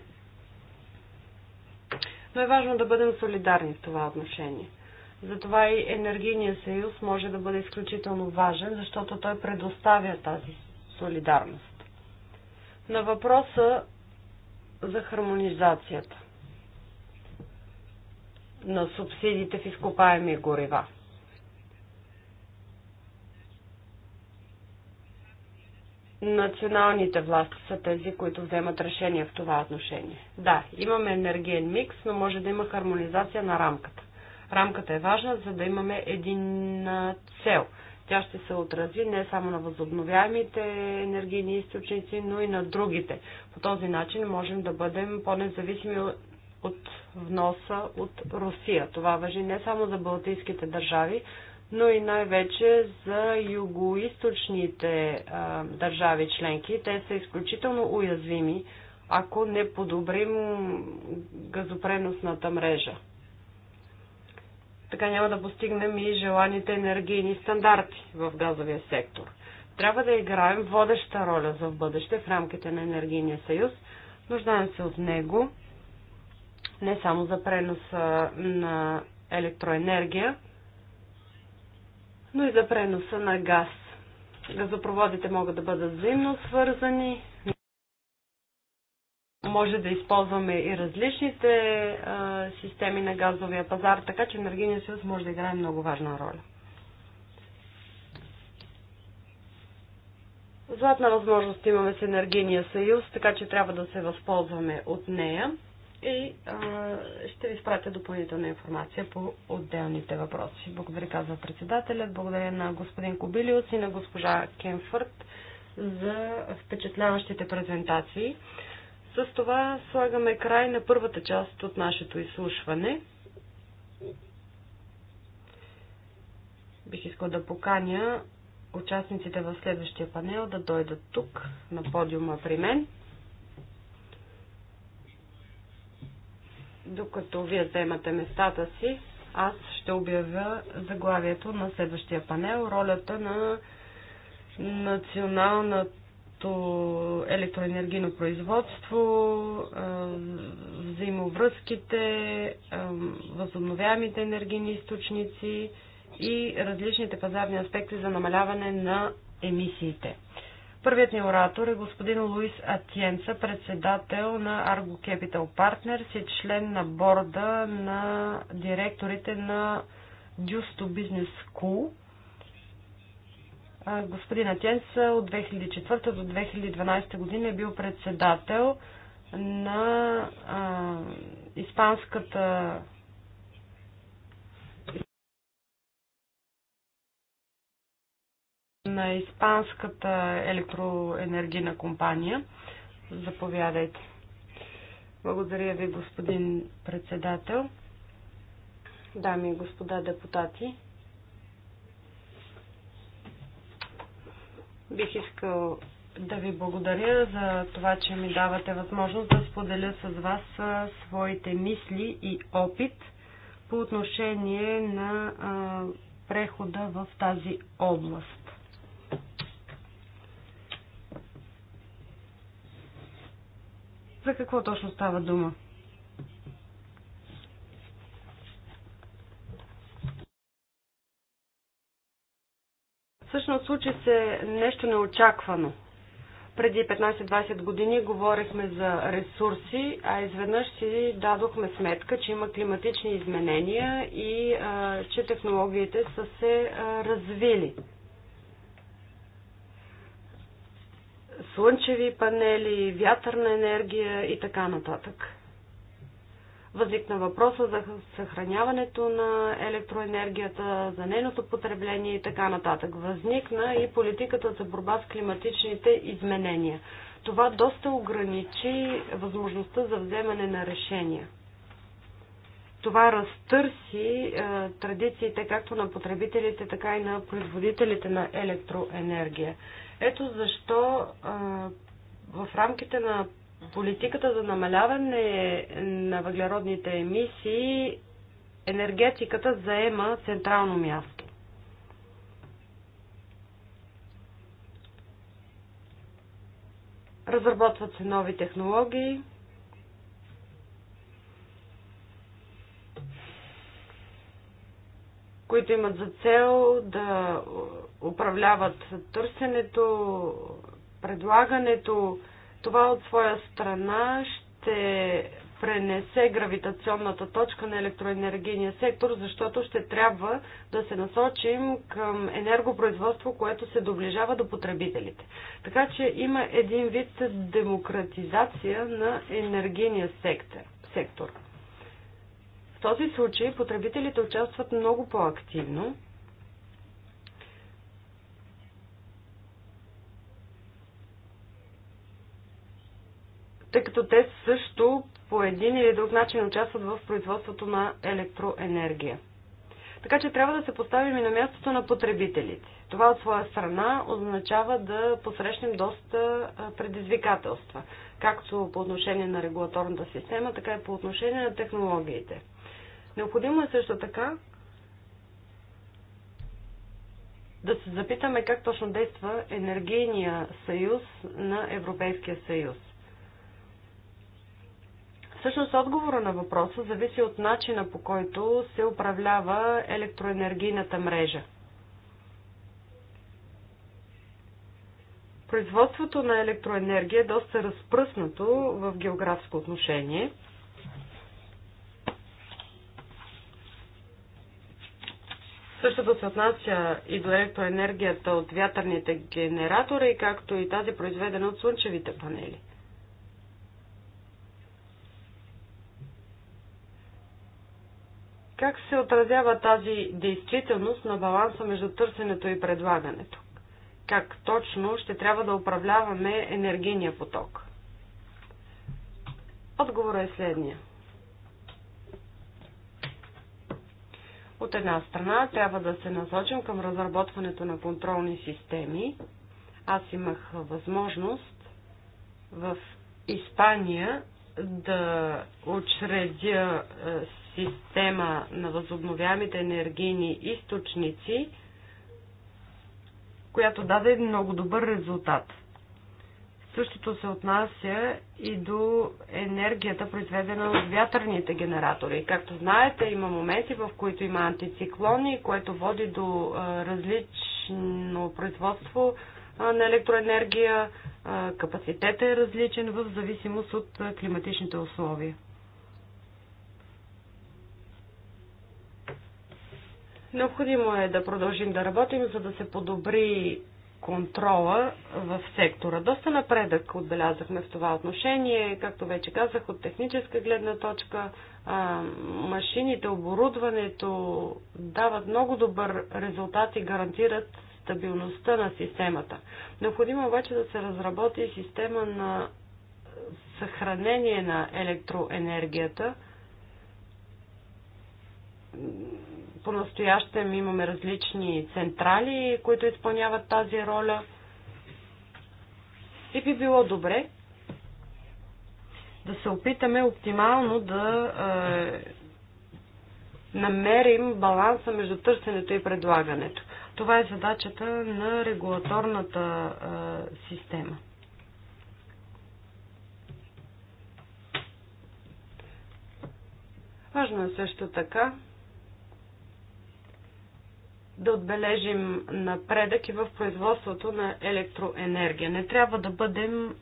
Но е важно да бъдем солидарни в това отношение. Затова и енергийният съюз може да бъде изключително важен, защото той предоставя тази солидарност. На въпроса за хармонизацията на субсидиите в изкопаеми горива – националните власти са тези, които вземат решение в това отношение. Да, имаме енергиен микс, но може да има хармонизация на рамката. Рамката е важна, за да имаме един цел. Тя ще се отрази не само на възобновяемите енергийни източници, но и на другите. По този начин можем да бъдем по-независими от вноса от Русия. Това въжи не само за балтийските държави, но и най-вече за югоисточните държави членки. Те са изключително уязвими, ако не подобрим газопреносната мрежа. Така няма да постигнем и желаните енергийни стандарти в газовия сектор. Трябва да играем водеща роля за в бъдеще в рамките на енергийния съюз. Нуждаем се от него не само за преноса на електроенергия, но и за преноса на газ. Газопроводите могат да бъдат взаимно свързани. Може да използваме и различните а, системи на газовия пазар, така че енергийният съюз може да играе много важна роля. Златна възможност имаме с енергийния съюз, така че трябва да се възползваме от нея и а, ще ви спратя допълнителна информация по отделните въпроси. Благодаря, казва председателят. Благодаря на господин Кобилиус и на госпожа Кенфърт за впечатляващите презентации. С това слагаме край на първата част от нашето изслушване. Бих искал да поканя участниците в следващия панел да дойдат тук на подиума при мен. Докато вие вземате местата си, аз ще обявя заглавието на следващия панел ролята на националното електроенергийно производство, взаимовръзките, възобновяемите енергийни източници и различните пазарни аспекти за намаляване на емисиите. Първият ни оратор е господин Луис Атиенца, председател на Argo Capital Partners и член на борда на директорите на Justo Business School. Господин Атиенца от 2004 до 2012 година е бил председател на а, Испанската на Испанската електроенергийна компания. Заповядайте. Благодаря ви, господин председател. Дами и господа депутати, бих искал да ви благодаря за това, че ми давате възможност да споделя с вас своите мисли и опит по отношение на прехода в тази област. За какво точно става дума? Всъщност случи се нещо неочаквано. Преди 15-20 години говорихме за ресурси, а изведнъж си дадохме сметка, че има климатични изменения и а, че технологиите са се а, развили. слънчеви панели, вятърна енергия и така нататък. Възникна въпроса за съхраняването на електроенергията, за нейното потребление и така нататък. Възникна и политиката за борба с климатичните изменения. Това доста ограничи възможността за вземане на решения. Това разтърси е, традициите както на потребителите, така и на производителите на електроенергия. Ето защо а, в рамките на политиката за намаляване на въглеродните емисии енергетиката заема централно място. Разработват се нови технологии, които имат за цел да управляват търсенето, предлагането. Това от своя страна ще пренесе гравитационната точка на електроенергийния сектор, защото ще трябва да се насочим към енергопроизводство, което се доближава до потребителите. Така че има един вид демократизация на енергийния сектор. сектор. В този случай потребителите участват много по-активно тъй като те също по един или друг начин участват в производството на електроенергия. Така че трябва да се поставим и на мястото на потребителите. Това от своя страна означава да посрещнем доста предизвикателства, както по отношение на регулаторната система, така и по отношение на технологиите. Необходимо е също така да се запитаме как точно действа енергийния съюз на Европейския съюз. Всъщност отговора на въпроса зависи от начина по който се управлява електроенергийната мрежа. Производството на електроенергия е доста разпръснато в географско отношение – Същото се отнася и до електроенергията от вятърните генератори, както и тази произведена от слънчевите панели. Как се отразява тази действителност на баланса между търсенето и предлагането? Как точно ще трябва да управляваме енергийния поток? Отговорът е следния. От една страна трябва да се насочим към разработването на контролни системи. Аз имах възможност в Испания да учредя е, система на възобновяемите енергийни източници, която даде много добър резултат. Същото се отнася и до енергията, произведена от вятърните генератори. Както знаете, има моменти, в които има антициклони, което води до различно производство на електроенергия. Капацитетът е различен в зависимост от климатичните условия. Необходимо е да продължим да работим, за да се подобри контрола в сектора. Доста напредък отбелязахме в това отношение, както вече казах, от техническа гледна точка. Машините, оборудването дават много добър резултат и гарантират стабилността на системата. Необходимо е обаче да се разработи система на съхранение на електроенергията, по-настоящем имаме различни централи, които изпълняват тази роля. И би било добре да се опитаме оптимално да е, намерим баланса между търсенето и предлагането. Това е задачата на регулаторната е, система. Важно е също така да отбележим напредък и в производството на електроенергия. Не трябва да бъдем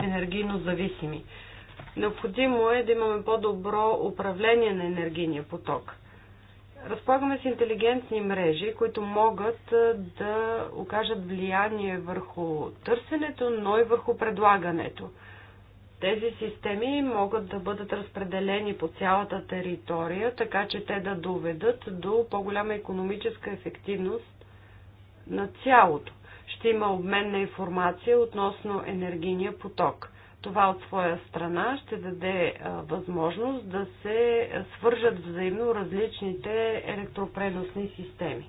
енергийно зависими. Необходимо е да имаме по-добро управление на енергийния поток. Разполагаме с интелигентни мрежи, които могат да окажат влияние върху търсенето, но и върху предлагането. Тези системи могат да бъдат разпределени по цялата територия, така че те да доведат до по-голяма економическа ефективност на цялото. Ще има обмен на информация относно енергийния поток. Това от своя страна ще даде възможност да се свържат взаимно различните електропреносни системи.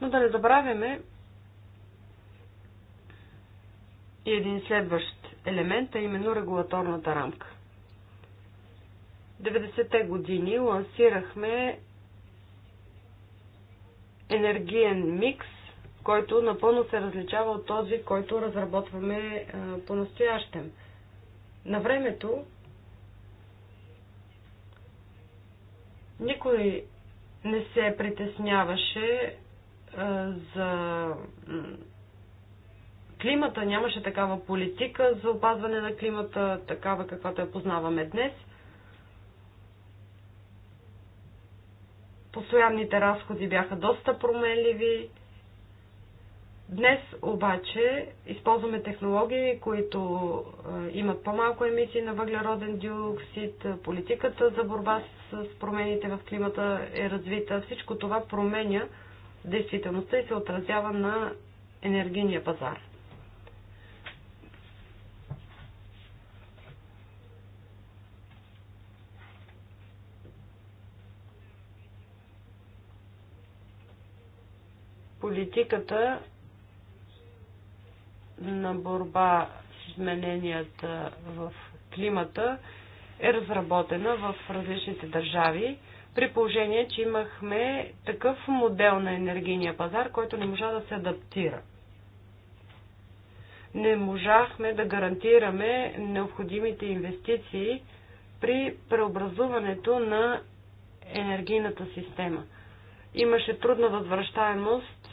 Но да не забравяме и един следващ елемент, а именно регулаторната рамка. 90-те години лансирахме енергиен микс, който напълно се различава от този, който разработваме по-настоящем. На времето никой не се притесняваше за климата, нямаше такава политика за опазване на климата, такава каквато я познаваме днес. Постоянните разходи бяха доста променливи. Днес обаче използваме технологии, които е, имат по-малко емисии на въглероден диоксид, политиката за борба с промените в климата е развита. Всичко това променя действителността и се отразява на енергийния пазар. политиката на борба с измененията в климата е разработена в различните държави, при положение, че имахме такъв модел на енергийния пазар, който не можа да се адаптира. Не можахме да гарантираме необходимите инвестиции при преобразуването на енергийната система. Имаше трудна възвръщаемост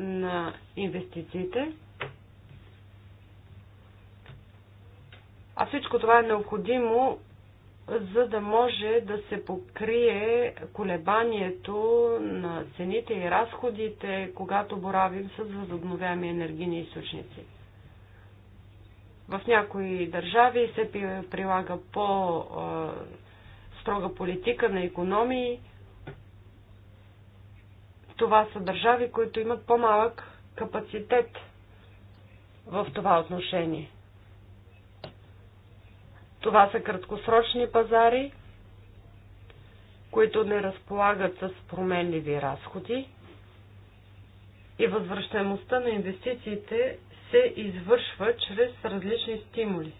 на инвестициите. А всичко това е необходимо, за да може да се покрие колебанието на цените и разходите, когато боравим с възобновяеми енергийни източници. В някои държави се прилага по-строга политика на економии, това са държави, които имат по-малък капацитет в това отношение. Това са краткосрочни пазари, които не разполагат с променливи разходи и възвръщаемостта на инвестициите се извършва чрез различни стимули.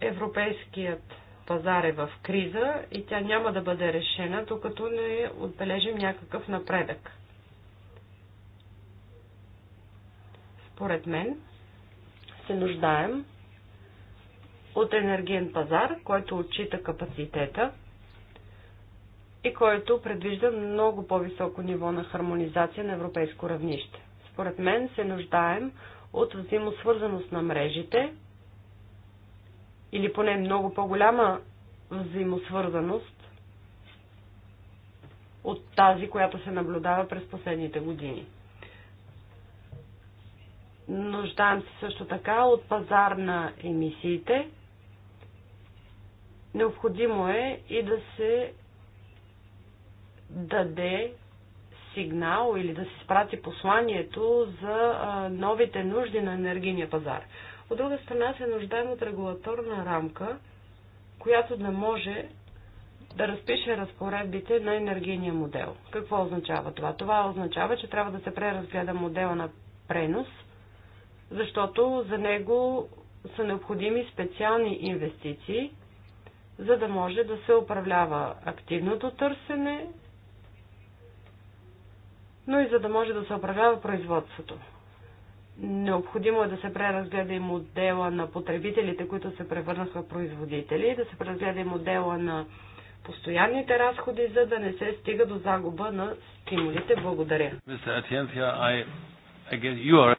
Европейският пазар е в криза и тя няма да бъде решена, докато не отбележим някакъв напредък. Според мен се нуждаем от енергиен пазар, който отчита капацитета и който предвижда много по-високо ниво на хармонизация на европейско равнище. Според мен се нуждаем от взаимосвързаност на мрежите, или поне много по-голяма взаимосвързаност от тази, която се наблюдава през последните години. Нуждаем се също така от пазар на емисиите. Необходимо е и да се даде сигнал или да се спрати посланието за новите нужди на енергийния пазар. От друга страна се нуждаем от регулаторна рамка, която да може да разпише разпоредбите на енергийния модел. Какво означава това? Това означава, че трябва да се преразгледа модела на пренос, защото за него са необходими специални инвестиции, за да може да се управлява активното търсене, но и за да може да се управлява производството. Необходимо е да се преразгледа и модела на потребителите, които се превърнат в производители, да се преразгледа и модела на постоянните разходи, за да не се стига до загуба на стимулите. Благодаря.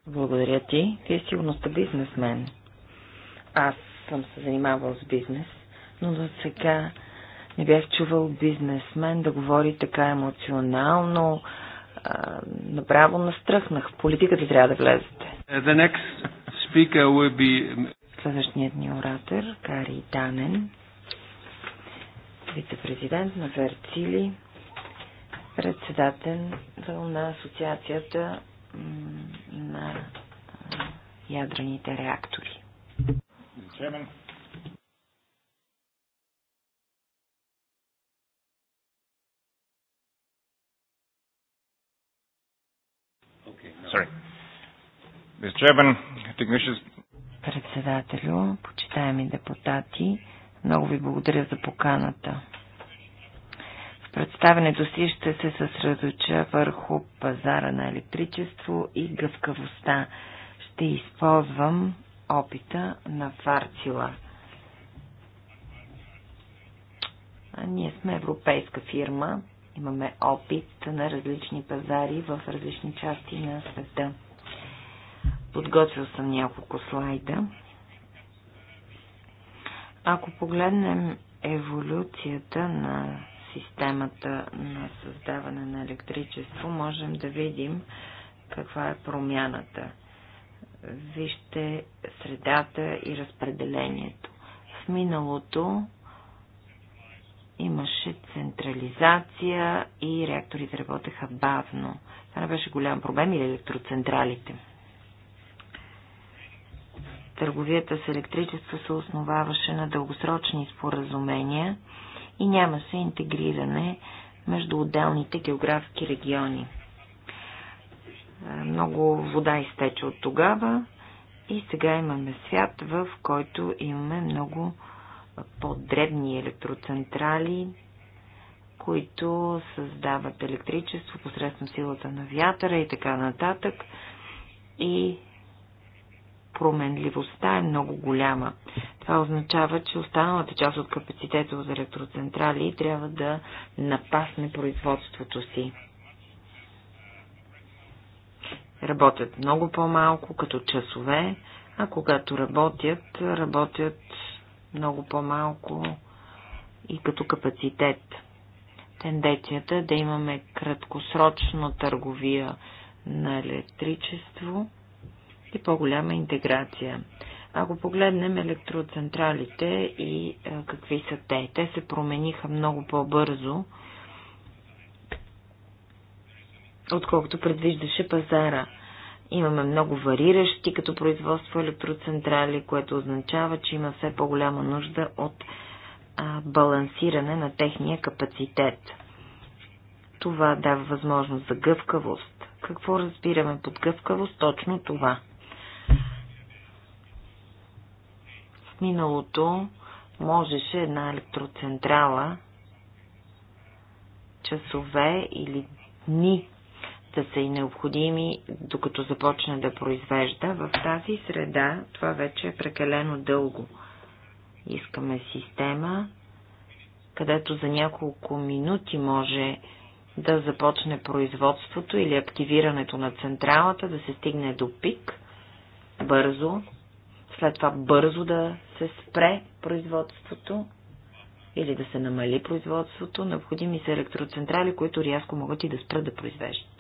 Благодаря ти. Ти сигурно сте бизнесмен. Аз съм се занимавал с бизнес, но до сега не бях чувал бизнесмен да говори така емоционално, а, направо настръхнах. В политиката трябва да влезете. Uh, the next speaker will be... Uh, Следващият ни оратор, Кари Данен, вице-президент на Верцили, председател на Асоциацията на ядрените реактори. Chairman. sorry. Mr. Chairman, Председателю, почитаеми депутати, много ви благодаря за поканата. В представенето си ще се съсредоча върху пазара на електричество и гъвкавостта. Ще използвам опита на Фарцила. А ние сме европейска фирма, Имаме опит на различни пазари в различни части на света. Подготвил съм няколко слайда. Ако погледнем еволюцията на системата на създаване на електричество, можем да видим каква е промяната. Вижте средата и разпределението. В миналото имаше централизация и реакторите работеха бавно. Това не беше голям проблем или електроцентралите. Търговията с електричество се основаваше на дългосрочни споразумения и нямаше интегриране между отделните географски региони. Много вода изтече от тогава и сега имаме свят, в който имаме много по-дребни електроцентрали, които създават електричество посредством силата на вятъра и така нататък. И променливостта е много голяма. Това означава, че останалата част от капацитета от електроцентрали трябва да напасне производството си. Работят много по-малко, като часове, а когато работят, работят много по-малко и като капацитет. Тенденцията е да имаме краткосрочно търговия на електричество и по-голяма интеграция. Ако погледнем електроцентралите и какви са те, те се промениха много по-бързо, отколкото предвиждаше пазара. Имаме много вариращи като производство електроцентрали, което означава, че има все по-голяма нужда от а, балансиране на техния капацитет. Това дава възможност за гъвкавост. Какво разбираме под гъвкавост? Точно това. В миналото можеше една електроцентрала часове или дни да са и необходими, докато започне да произвежда. В тази среда това вече е прекалено дълго. Искаме система, където за няколко минути може да започне производството или активирането на централата, да се стигне до пик, бързо, след това бързо да се спре производството или да се намали производството, необходими са електроцентрали, които рязко могат и да спрат да произвеждат.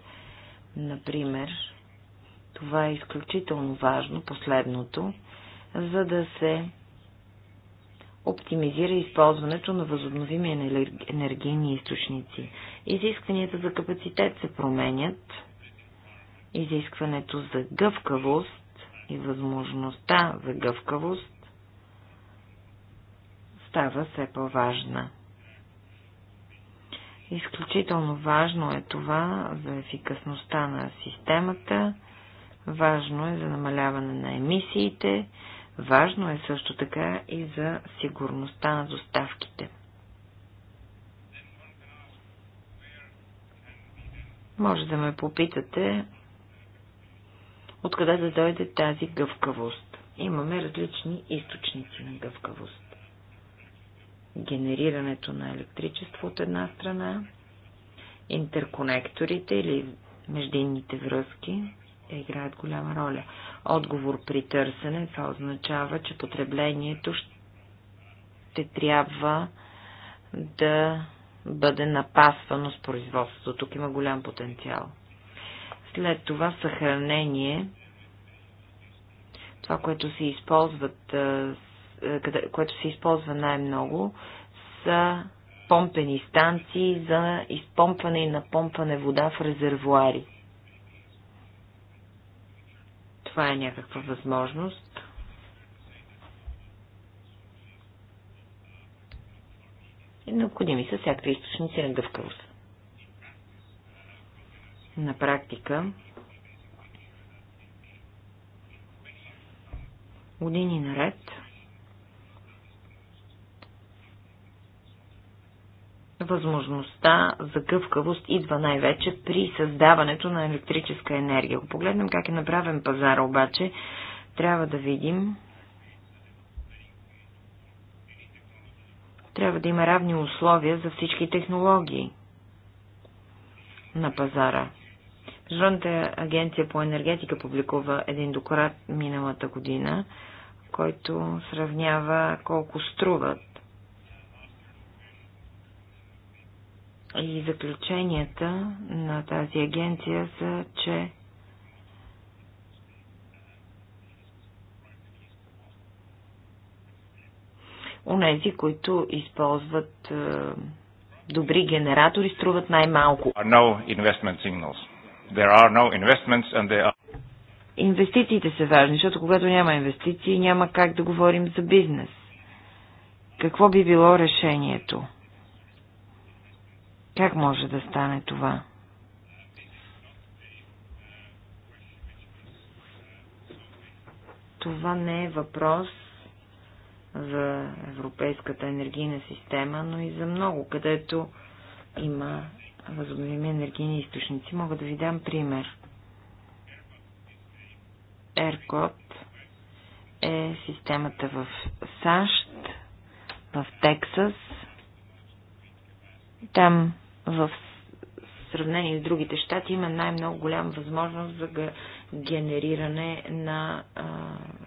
Например, това е изключително важно, последното, за да се оптимизира използването на възобновими енергийни източници. Изискванията за капацитет се променят, изискването за гъвкавост и възможността за гъвкавост става все по-важна. Изключително важно е това за ефикасността на системата, важно е за намаляване на емисиите, важно е също така и за сигурността на доставките. Може да ме попитате откъде да дойде тази гъвкавост. Имаме различни източници на гъвкавост генерирането на електричество от една страна, интерконекторите или междинните връзки те играят голяма роля. Отговор при търсене, това означава, че потреблението ще трябва да бъде напасвано с производството. Тук има голям потенциал. След това съхранение, това, което се използват което се използва най-много, са помпени станции за изпомпване и напомпване вода в резервуари. Това е някаква възможност. И необходими са всякакви източници на гъвкавост. На практика години наред възможността за гъвкавост идва най-вече при създаването на електрическа енергия. Ако погледнем как е направен пазар обаче, трябва да видим, трябва да има равни условия за всички технологии на пазара. Международната агенция по енергетика публикува един доклад миналата година, който сравнява колко струват И заключенията на тази агенция са, че онези, които използват е, добри генератори, струват най-малко. Инвестициите са важни, защото когато няма инвестиции, няма как да говорим за бизнес. Какво би било решението? Как може да стане това? Това не е въпрос за европейската енергийна система, но и за много, където има възобновими енергийни източници. Мога да ви дам пример. ERCOT е системата в САЩ, в Тексас. Там в сравнение с другите щати има най-много голяма възможност за генериране на а,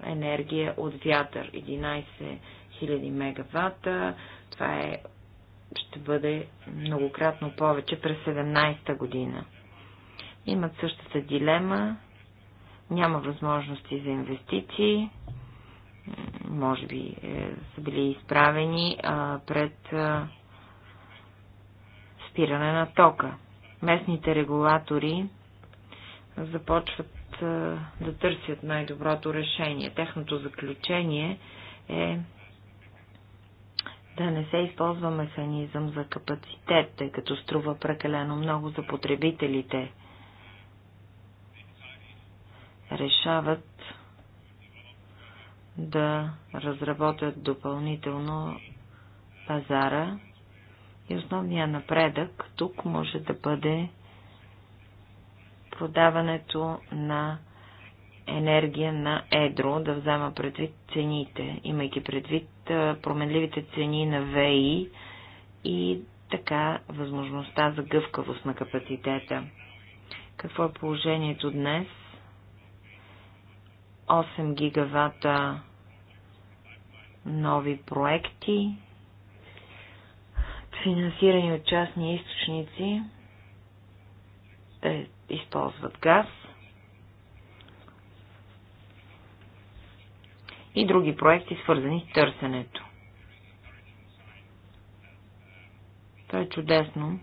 енергия от вятър. 11 000 мегавата. Това е, ще бъде многократно повече през 17-та година. Имат същата дилема. Няма възможности за инвестиции. Може би е, са били изправени а, пред а, спиране на тока. Местните регулатори започват да търсят най-доброто решение. Техното заключение е да не се използва механизъм за капацитет, тъй като струва прекалено много за потребителите. Решават да разработят допълнително пазара и основният напредък тук може да бъде продаването на енергия на едро, да взема предвид цените, имайки предвид променливите цени на ВИ и така възможността за гъвкавост на капацитета. Какво е положението днес? 8 гигавата нови проекти, финансирани от частни източници. Те използват газ. И други проекти, свързани с търсенето. Това е чудесно,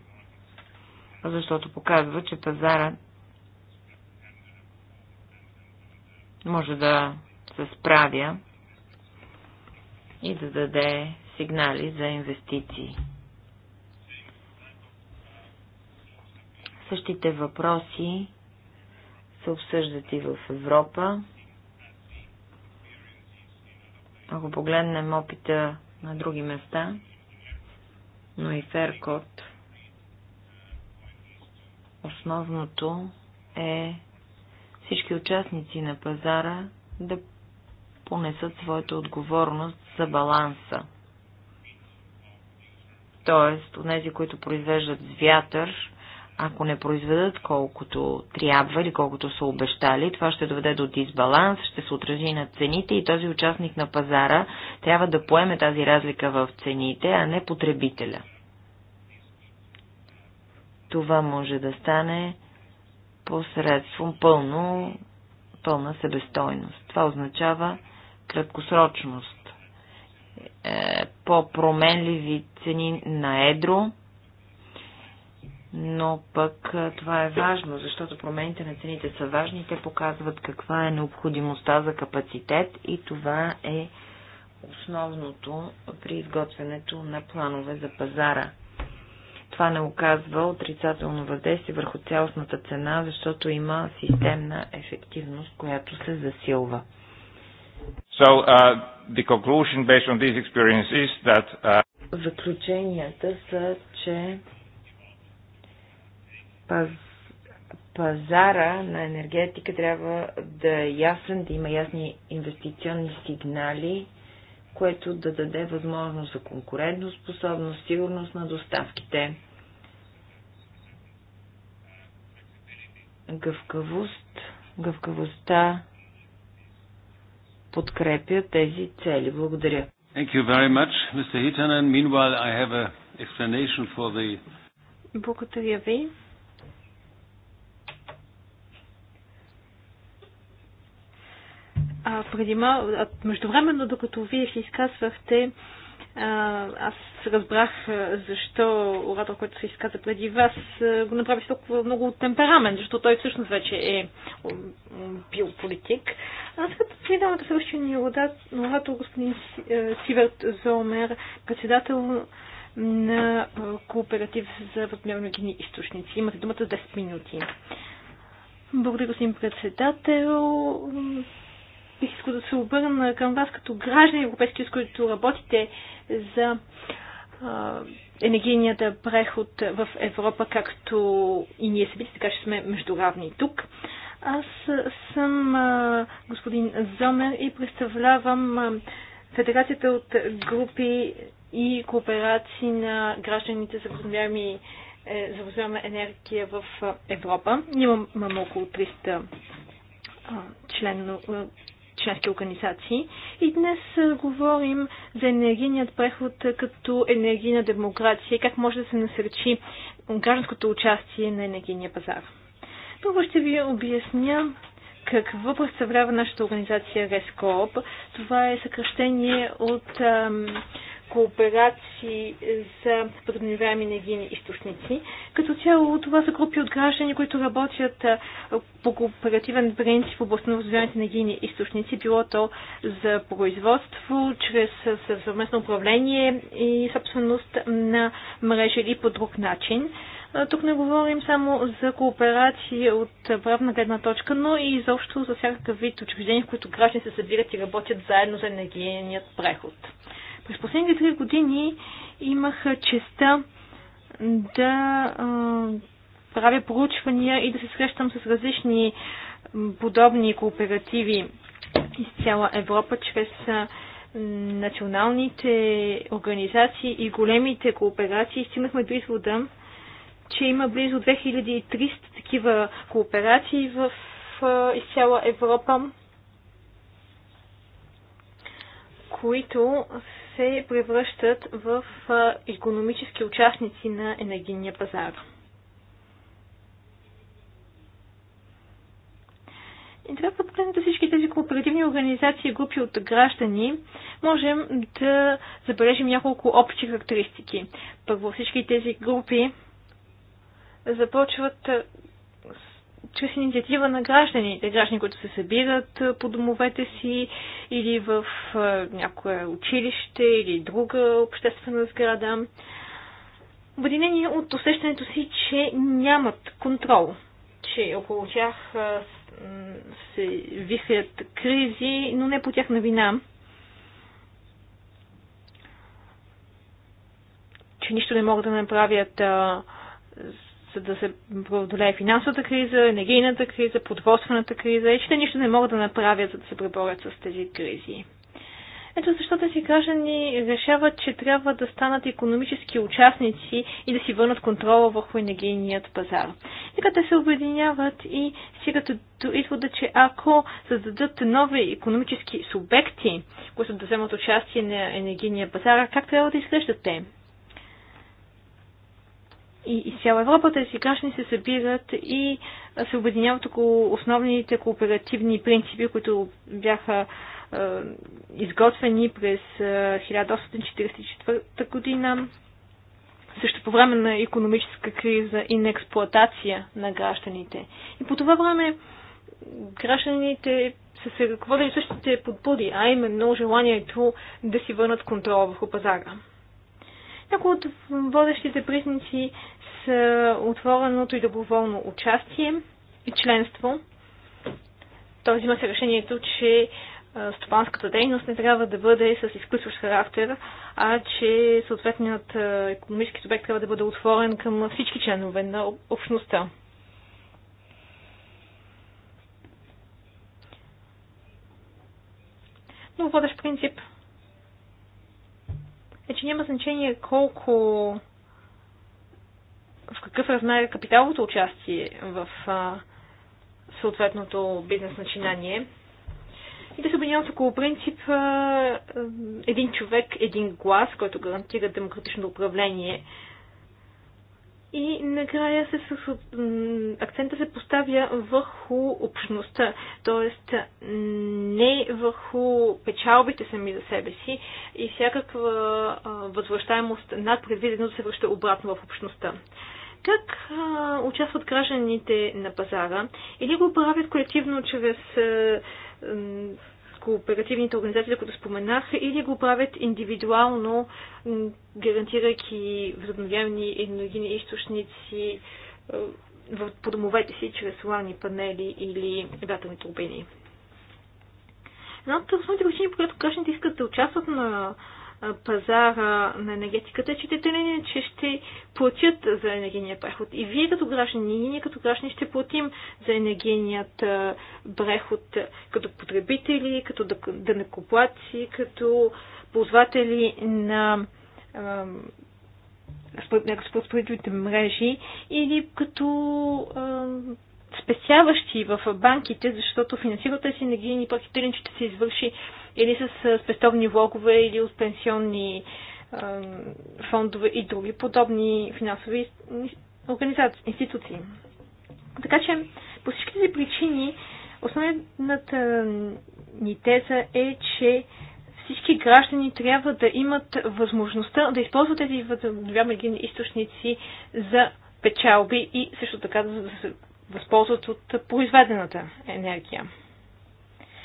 защото показва, че пазара може да се справя и да даде сигнали за инвестиции. Същите въпроси се обсъждат и в Европа. Ако погледнем опита на други места, но и Феркот, основното е всички участници на пазара да понесат своята отговорност за баланса. Тоест, от тези, които произвеждат вятър, ако не произведат колкото трябва или колкото са обещали, това ще доведе до дисбаланс, ще се отрази на цените и този участник на пазара трябва да поеме тази разлика в цените, а не потребителя. Това може да стане посредством пълно, пълна себестойност. Това означава краткосрочност, е, по-променливи цени на едро – но пък това е важно, защото промените на цените са важни, те показват каква е необходимостта за капацитет и това е основното при изготвянето на планове за пазара. Това не оказва отрицателно въздействие върху цялостната цена, защото има системна ефективност, която се засилва. So, uh, the conclusion based on is that, uh... Заключенията са, че паз... пазара на енергетика трябва да е ясен, да има ясни инвестиционни сигнали, което да даде възможност за конкурентоспособност, сигурност на доставките, гъвкавост, гъвкавостта подкрепя тези цели. Благодаря. Thank you very much, Mr. Hitanen. Meanwhile, I have an explanation for the... Благодаря ви. преди мал... междувременно, докато вие се изказвахте, а, аз разбрах защо оратор, който се изказа преди вас, го направи с толкова много темперамент, защото той всъщност вече е бил политик. Аз като дам да съвърши ни оратор господин Сиверт Зомер, председател на кооператив за възобновяеми източници. Имате думата 10 минути. Благодаря, господин председател бих искал да се обърна към вас като граждани европейски, с които работите за енергийният преход в Европа, както и ние самите, така че сме междуравни тук. Аз съм господин Зомер и представлявам Федерацията от групи и кооперации на гражданите за възобновяеми е, за възобновяема енергия в Европа. Имам около 300 член, членски организации. И днес говорим за енергийният преход като енергийна демокрация и как може да се насърчи гражданското участие на енергийния пазар. Първо ще ви обясня какво представлява нашата организация Рескоп. Това е съкръщение от ам, кооперации за възобновяеми енергийни източници. Като цяло това са групи от граждани, които работят по кооперативен принцип в областта на възобновяемите енергийни източници, било то за производство, чрез съвместно управление и собственост на мрежи или по друг начин. Тук не говорим само за кооперации от правна гледна точка, но и изобщо за всякакъв вид учреждения, в които граждани се събират и работят заедно за енергийният преход. През последните три години имах честа да а, правя проучвания и да се срещам с различни подобни кооперативи из цяла Европа, чрез националните организации и големите кооперации. Стигнахме до извода, че има близо 2300 такива кооперации в из цяла Европа, които се превръщат в економически участници на енергийния пазар. И трябва да е погледнете всички тези кооперативни организации и групи от граждани, можем да забележим няколко общи характеристики. Първо, всички тези групи започват чрез инициатива на гражданите, граждани, които се събират по домовете си или в някое училище или друга обществена сграда, обединени от усещането си, че нямат контрол, че около тях се висят кризи, но не по тяхна вина. че нищо не могат да направят а, за да се преодолее финансовата криза, енергийната криза, производствената криза и че те нищо не могат да направят, за да се преборят с тези кризи. Ето защо тези граждани решават, че трябва да станат економически участници и да си върнат контрола върху енергийният пазар. Нека те се объединяват и стигат до извода, че ако създадат нови економически субекти, които да вземат участие на енергийния пазар, как трябва да изглеждат те? и из цяла Европа тези граждани се събират и се объединяват около основните кооперативни принципи, които бяха изготвени през 1844 година, също по време на економическа криза и на експлоатация на гражданите. И по това време гражданите са се ръководили същите подбуди, а именно желанието да си върнат контрола върху пазара. Някои от водещите признаци са отвореното и доброволно участие и членство. Той взима се решението, че стопанската дейност не трябва да бъде с изключващ характер, а че съответният економически субект трябва да бъде отворен към всички членове на общността. Но водещ принцип – е, че няма значение колко в какъв размер е капиталовото участие в а, съответното бизнес начинание и да се объединяват около принцип един човек, един глас, който гарантира демократичното управление и накрая се, акцента се поставя върху общността, т.е. не върху печалбите сами за себе си и всякаква възвръщаемост над предвиденото се връща обратно в общността как а, участват гражданите на пазара или го правят колективно чрез а, кооперативните организации, които споменах, или го правят индивидуално, гарантирайки възобновяеми енергийни източници е, в домовете си чрез соларни панели или вятърни турбини. Една от основните причини, по която гражданите искат да участват на пазара на енергетиката, е, че те не, че ще платят за енергийния преход. И вие като граждани, и ние като граждани ще платим за енергийният преход като потребители, като дънекоплаци, като ползватели на разпространителните мрежи или като спестяващи в банките, защото финансирата си енергийни пакетирани ще се извърши или с спестовни влогове, или от пенсионни фондове и други подобни финансови организации, институции. Така че по всички тези причини основната ни теза е, че всички граждани трябва да имат възможността да използват тези възобновяеми източници за печалби и също така да възползват от произведената енергия.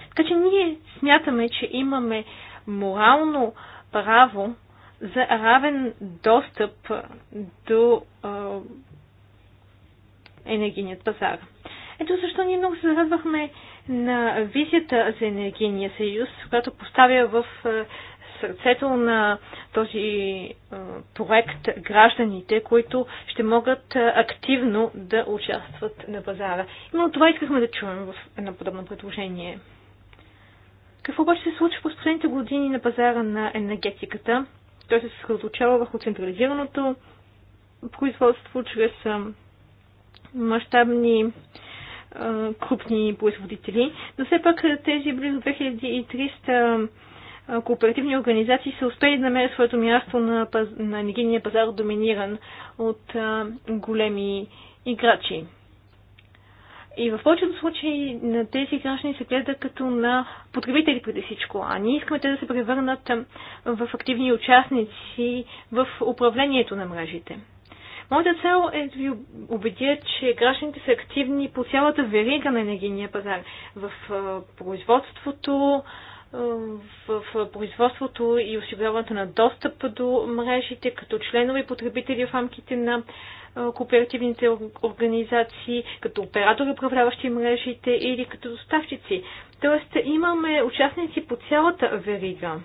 Така че ние смятаме, че имаме морално право за равен достъп до е, енергийният пазар. Ето защо ние много се зарадвахме на визията за енергийния съюз, която поставя в сърцето на този проект гражданите, които ще могат активно да участват на пазара. Именно това искахме да чуем в едно подобно предложение. Какво обаче се случва в последните години на пазара на енергетиката? Той се съсредоточава върху централизираното производство чрез мащабни крупни производители, но все пак тези близо 2300 кооперативни организации са успели да намерят своето място на, паз... на енергийния пазар, доминиран от а, големи играчи. И в повечето случаи на тези граждани се гледа като на потребители преди всичко, а ние искаме те да се превърнат в активни участници в управлението на мрежите. Моята цел е да ви убедя, че гражданите са активни по цялата верига на енергийния пазар. В производството, в производството и осигуряването на достъп до мрежите като членове и потребители в рамките на кооперативните организации, като оператори, управляващи мрежите или като доставчици. Тоест имаме участници по цялата верига.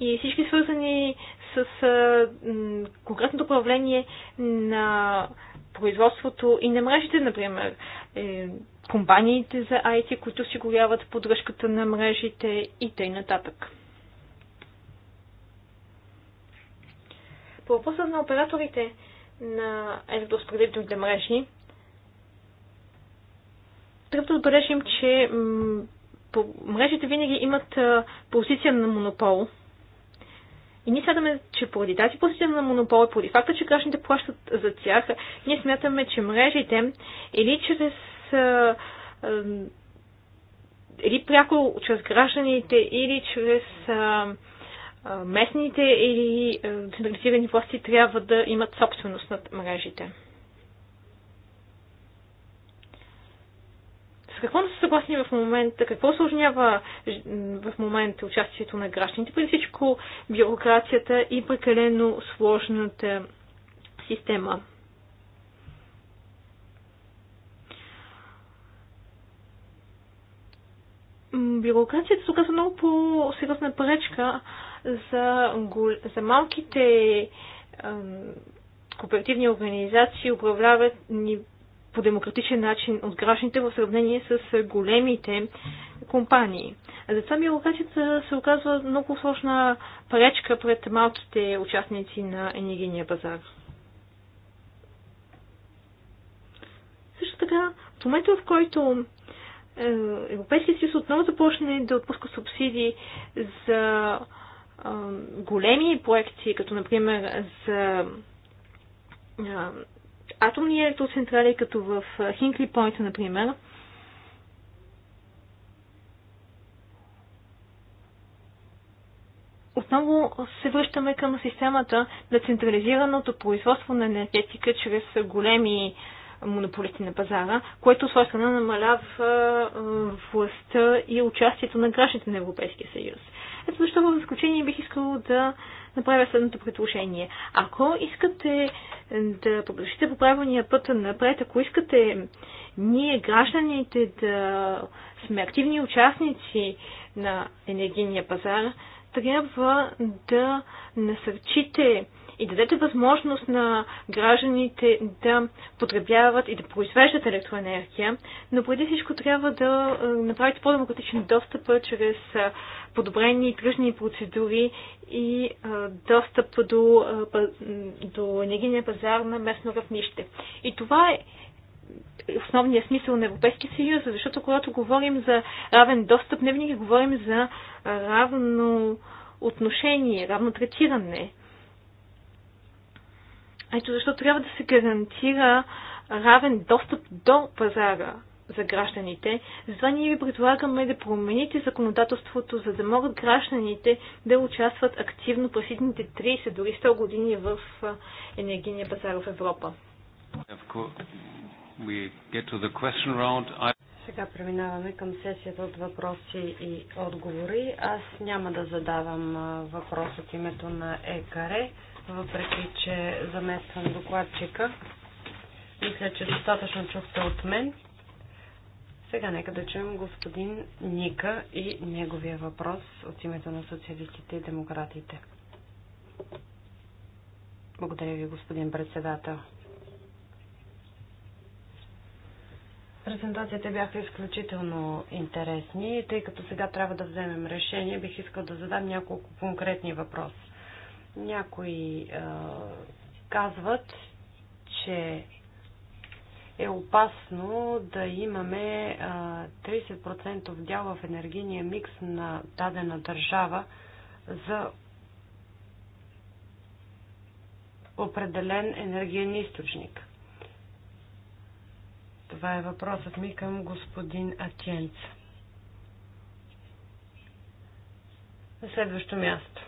И всички свързани с а, конкретното управление на производството и на мрежите, например. Е, компаниите за IT, които осигуряват поддръжката на мрежите и т.н. По въпроса на операторите на електроспределителните мрежи, трябва да отбележим, че мрежите винаги имат позиция на монопол. И ние смятаме, че поради тази позиция на монопол поради факта, че гражданите плащат за тях, ние смятаме, че мрежите или чрез или пряко чрез гражданите, или чрез местните или централизирани власти трябва да имат собственост над мрежите. С какво не са съгласни в момента, какво осложнява е, в момента участието на гражданите, преди всичко бюрокрацията и прекалено сложната система. бюрокрацията се оказа много по-сериозна пречка за, за малките кооперативни организации, управляват ни по демократичен начин от гражданите в сравнение с големите компании. Затова бюрокрацията се оказва много сложна пречка пред малките участници на енергийния пазар. Също така, в момента в който е, Европейския съюз отново започне да отпуска субсидии за големи проекти, като например за атомни електроцентрали, като в Хинкли Пойнт, например, отново се връщаме към системата на централизираното производство на енергетика чрез големи а, монополите на пазара, което от своя страна намалява властта и участието на гражданите на Европейския съюз. Ето защо в заключение бих искала да направя следното предложение. Ако искате е, да погрешите по правилния път напред, ако искате ние, гражданите, да сме активни участници на енергийния пазар, трябва да насърчите и дадете възможност на гражданите да потребяват и да произвеждат електроенергия, но преди всичко трябва да е, направите по-демократичен достъп е, чрез е, подобрени тръжни процедури и достъп до, до енергийния пазар на местно равнище. И това е основният смисъл на Европейския съюз, защото когато говорим за равен достъп, не винаги говорим за равно отношение, равно третиране. Ето защо трябва да се гарантира равен достъп до пазара за гражданите. Затова ние ви предлагаме да промените законодателството, за да могат гражданите да участват активно през следните 30, дори 100 години в енергийния пазар в Европа. Сега преминаваме към сесията от въпроси и отговори. Аз няма да задавам въпрос от името на ЕКАРЕ въпреки че замествам докладчика. Мисля, че достатъчно чухте от мен. Сега нека да чуем господин Ника и неговия въпрос от името на социалистите и демократите. Благодаря ви, господин председател. Презентациите бяха изключително интересни тъй като сега трябва да вземем решение, бих искал да задам няколко конкретни въпроси. Някои е, казват, че е опасно да имаме е, 30% дял в енергийния микс на дадена държава за определен енергиен източник. Това е въпросът ми към господин Атиенца. На следващо място.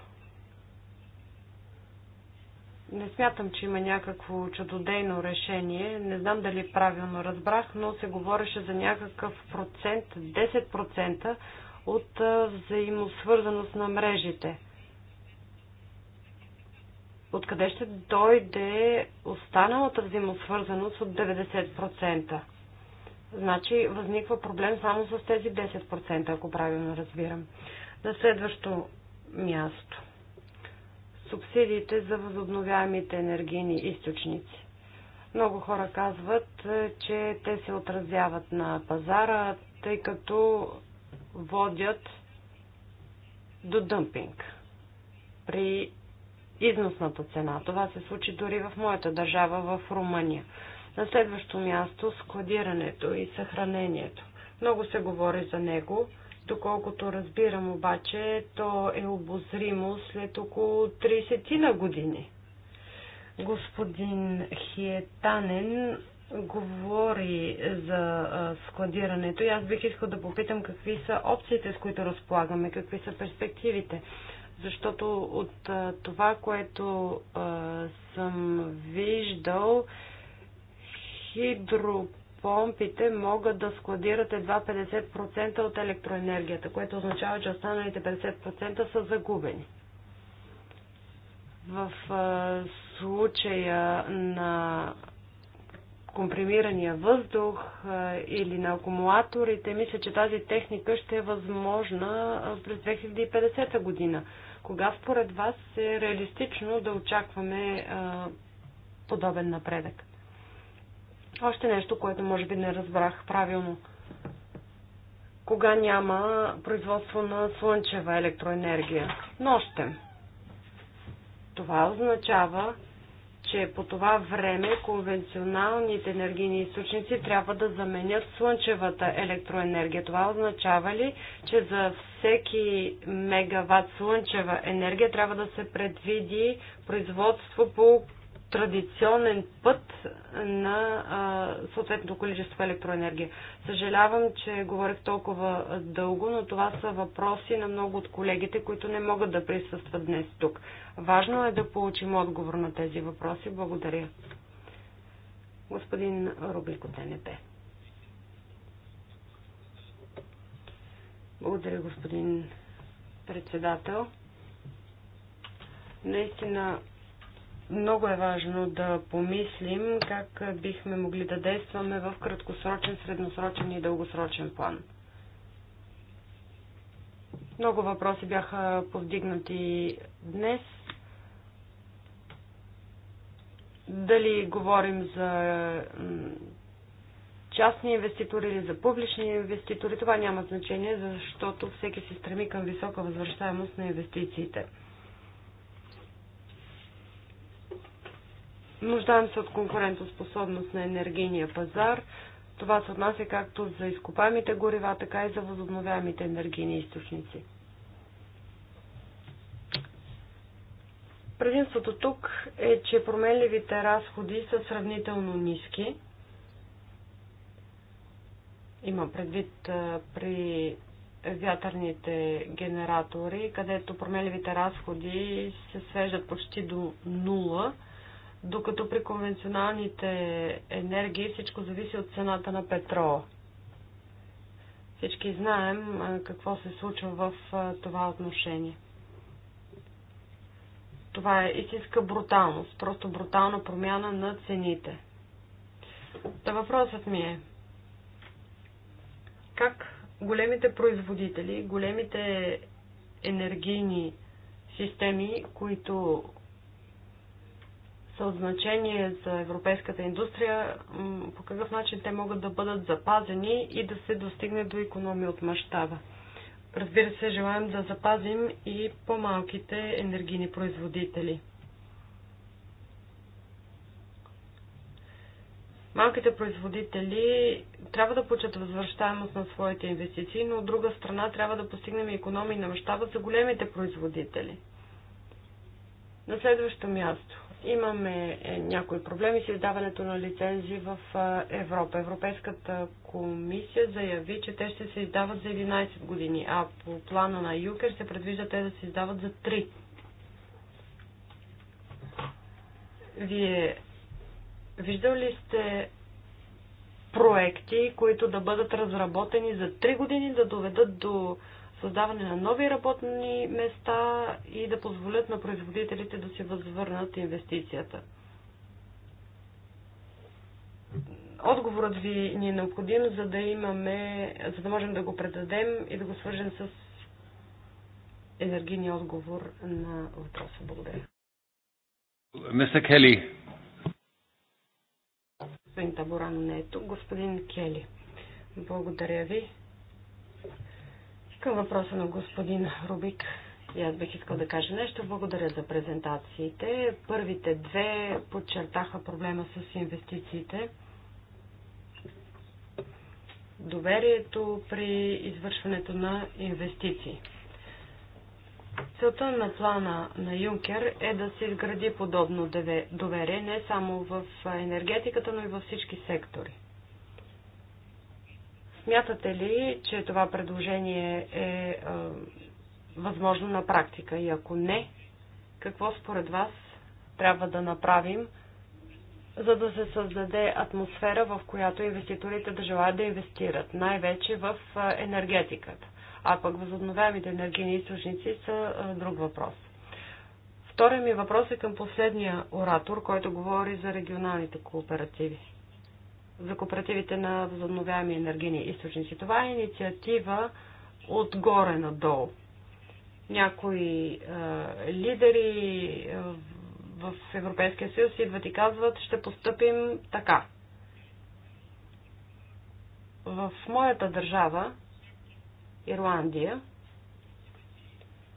Не смятам, че има някакво чудодейно решение. Не знам дали правилно разбрах, но се говореше за някакъв процент, 10% от взаимосвързаност на мрежите. Откъде ще дойде останалата взаимосвързаност от 90%? Значи възниква проблем само с тези 10%, ако правилно разбирам. На следващо място субсидиите за възобновяемите енергийни източници. Много хора казват, е, че те се отразяват на пазара, тъй като водят до дъмпинг при износната цена. Това се случи дори в моята държава, в Румъния. На следващо място складирането и съхранението. Много се говори за него, Доколкото разбирам обаче, то е обозримо след около 30 на години. Господин Хиетанен говори за складирането и аз бих искал да попитам какви са опциите, с които разполагаме, какви са перспективите. Защото от това, което съм виждал, хидро помпите могат да складират едва 50% от електроенергията, което означава, че останалите 50% са загубени. В случая на компримирания въздух или на акумулаторите, мисля, че тази техника ще е възможна през 2050 година. Кога според вас е реалистично да очакваме подобен напредък? Още нещо, което може би не разбрах правилно. Кога няма производство на слънчева електроенергия? Нощем. Това означава, че по това време конвенционалните енергийни източници трябва да заменят слънчевата електроенергия. Това означава ли, че за всеки мегаватт слънчева енергия трябва да се предвиди производство по традиционен път на а, съответното количество електроенергия. Съжалявам, че говорих толкова дълго, но това са въпроси на много от колегите, които не могат да присъстват днес тук. Важно е да получим отговор на тези въпроси. Благодаря. Господин Рублик от НП. Благодаря, господин председател. Наистина много е важно да помислим как бихме могли да действаме в краткосрочен, средносрочен и дългосрочен план. Много въпроси бяха повдигнати днес. Дали говорим за частни инвеститори или за публични инвеститори, това няма значение, защото всеки се стреми към висока възвръщаемост на инвестициите. Нуждаем се от конкурентоспособност на енергийния пазар. Това се отнася както за изкопаемите горива, така и за възобновяемите енергийни източници. Предимството тук е, че променливите разходи са сравнително ниски. Има предвид при вятърните генератори, където променливите разходи се свеждат почти до нула – докато при конвенционалните енергии всичко зависи от цената на петрола. Всички знаем какво се случва в това отношение. Това е истинска бруталност, просто брутална промяна на цените. Та въпросът ми е, как големите производители, големите енергийни системи, които са от значение за европейската индустрия, по какъв начин те могат да бъдат запазени и да се достигне до економия от мащаба. Разбира се, желаем да запазим и по-малките енергийни производители. Малките производители трябва да получат възвръщаемост на своите инвестиции, но от друга страна трябва да постигнем економии на мащаба за големите производители. На следващо място. Имаме е, някои проблеми с издаването на лицензи в е, Европа. Европейската комисия заяви, че те ще се издават за 11 години, а по плана на Юкер се предвижда те да се издават за 3. Вие виждал ли сте проекти, които да бъдат разработени за 3 години, да доведат до създаване на нови работни места и да позволят на производителите да си възвърнат инвестицията. Отговорът ви ни е необходим, за да имаме, за да можем да го предадем и да го свържем с енергийния отговор на въпроса. Благодаря. Мистер Кели. Господин Таборано не е тук. Господин Кели, благодаря ви. Към въпроса на господин Рубик, и аз бих искал да кажа нещо. Благодаря за презентациите. Първите две подчертаха проблема с инвестициите. Доверието при извършването на инвестиции. Целта на плана на Юнкер е да се изгради подобно доверие не само в енергетиката, но и във всички сектори. Смятате ли, че това предложение е, е възможно на практика? И ако не, какво според вас трябва да направим, за да се създаде атмосфера, в която инвеститорите да желаят да инвестират, най-вече в е, енергетиката. А пък възобновяемите енергийни източници са е, друг въпрос. Вторият ми въпрос е към последния оратор, който говори за регионалните кооперативи за кооперативите на възобновяеми енергийни източници. Това е инициатива отгоре надолу. Някои е, лидери е, в Европейския съюз идват и казват, ще поступим така. В моята държава, Ирландия,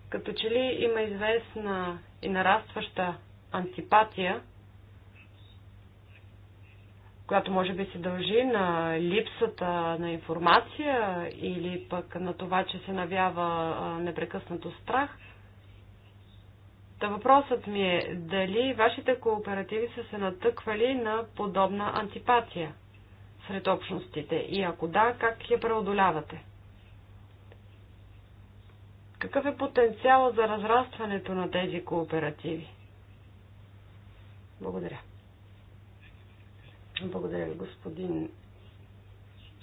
като че ли има известна и нарастваща антипатия която може би се дължи на липсата на информация или пък на това, че се навява непрекъснато страх. Та въпросът ми е дали вашите кооперативи са се натъквали на подобна антипатия сред общностите и ако да, как я преодолявате? Какъв е потенциалът за разрастването на тези кооперативи? Благодаря. Благодаря ви, господин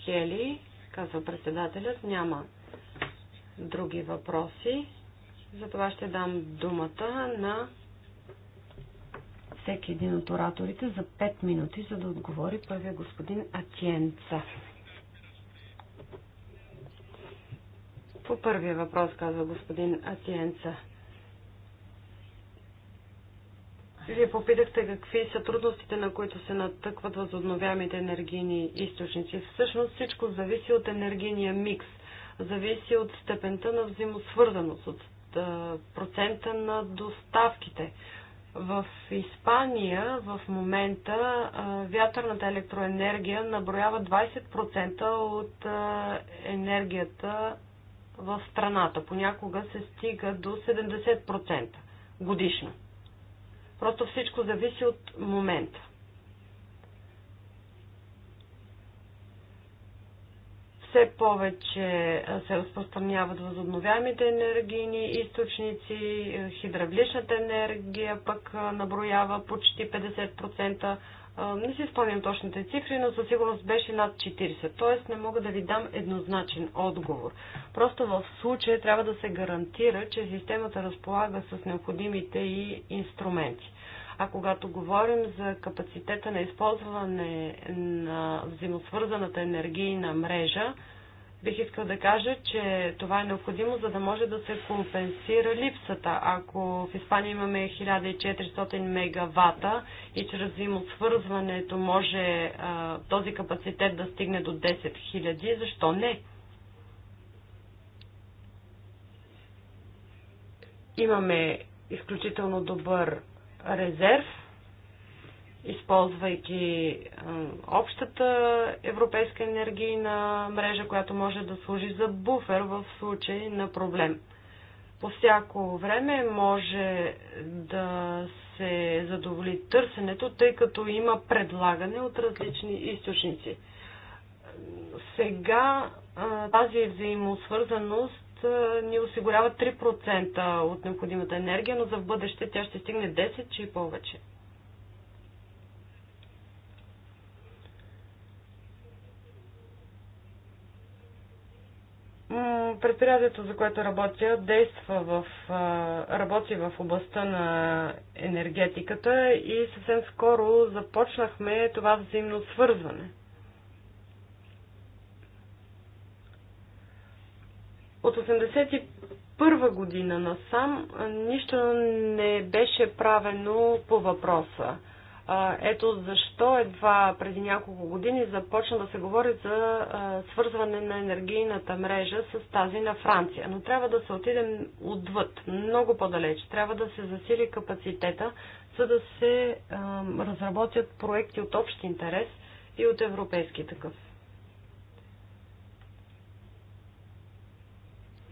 Кели, казва председателят. Няма други въпроси. Затова ще дам думата на всеки един от ораторите за 5 минути, за да отговори първия господин Атиенца. По първия въпрос казва господин Атиенца. Вие попитахте какви са трудностите, на които се натъкват възобновяемите енергийни източници. Всъщност всичко зависи от енергийния микс, зависи от степента на взаимосвързаност, от процента на доставките. В Испания в момента вятърната електроенергия наброява 20% от енергията в страната. Понякога се стига до 70% годишно. Просто всичко зависи от момента. все повече се разпространяват възобновяемите енергийни източници, хидравличната енергия пък наброява почти 50% не си спомням точните цифри, но със сигурност беше над 40. Тоест не мога да ви дам еднозначен отговор. Просто в случая трябва да се гарантира, че системата разполага с необходимите и инструменти. А когато говорим за капацитета на използване на взаимосвързаната енергийна мрежа, Бих искал да кажа, че това е необходимо, за да може да се компенсира липсата. Ако в Испания имаме 1400 мегавата и чрез взаимосвързването може а, този капацитет да стигне до 10 000, защо не? Имаме изключително добър резерв – използвайки общата европейска енергийна мрежа, която може да служи за буфер в случай на проблем. По всяко време може да се задоволи търсенето, тъй като има предлагане от различни източници. Сега тази взаимосвързаност ни осигурява 3% от необходимата енергия, но за в бъдеще тя ще стигне 10 и повече. Предприятието, за което работя, действа в, работи в областта на енергетиката и съвсем скоро започнахме това взаимно свързване. От 1981 година насам нищо не беше правено по въпроса. Ето защо едва преди няколко години започна да се говори за свързване на енергийната мрежа с тази на Франция. Но трябва да се отидем отвъд, много по-далеч. Трябва да се засили капацитета, за да се разработят проекти от общ интерес и от европейски такъв.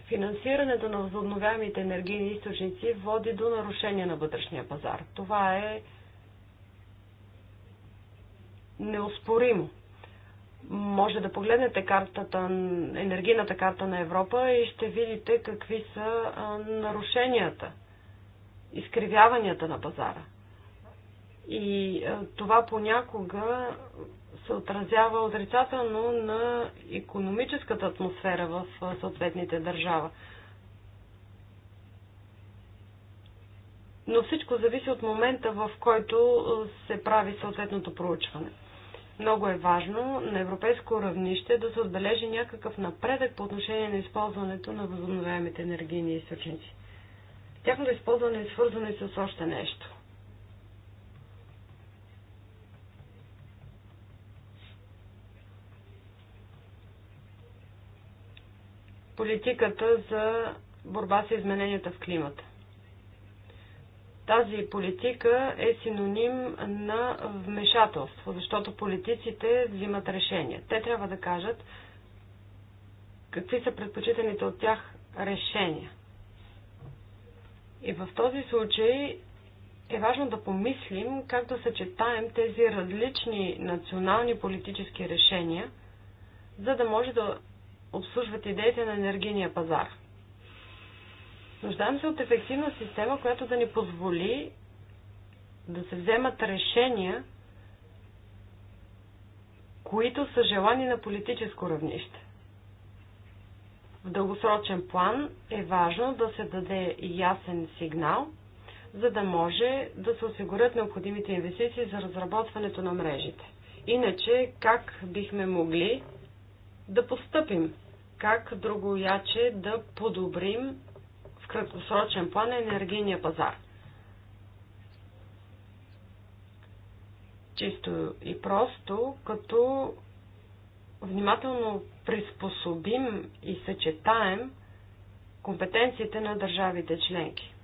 Финансирането на възобновяемите енергийни източници води до нарушение на вътрешния пазар. Това е неоспоримо. Може да погледнете картата, енергийната карта на Европа и ще видите какви са нарушенията, изкривяванията на пазара. И това понякога се отразява отрицателно на економическата атмосфера в съответните държава. Но всичко зависи от момента, в който се прави съответното проучване. Много е важно на европейско равнище да се отбележи някакъв напредък по отношение на използването на възобновяемите енергийни източници. Тяхното използване е свързано и с още нещо. Политиката за борба с измененията в климата. Тази политика е синоним на вмешателство, защото политиците взимат решения. Те трябва да кажат какви са предпочитаните от тях решения. И в този случай е важно да помислим как да съчетаем тези различни национални политически решения, за да може да обслужват идеите на енергийния пазар. Нуждаем се от ефективна система, която да ни позволи да се вземат решения, които са желани на политическо равнище. В дългосрочен план е важно да се даде ясен сигнал, за да може да се осигурят необходимите инвестиции за разработването на мрежите. Иначе, как бихме могли да постъпим? Как другояче да подобрим краткосрочен план е енергийния пазар. Чисто и просто, като внимателно приспособим и съчетаем компетенциите на държавите членки.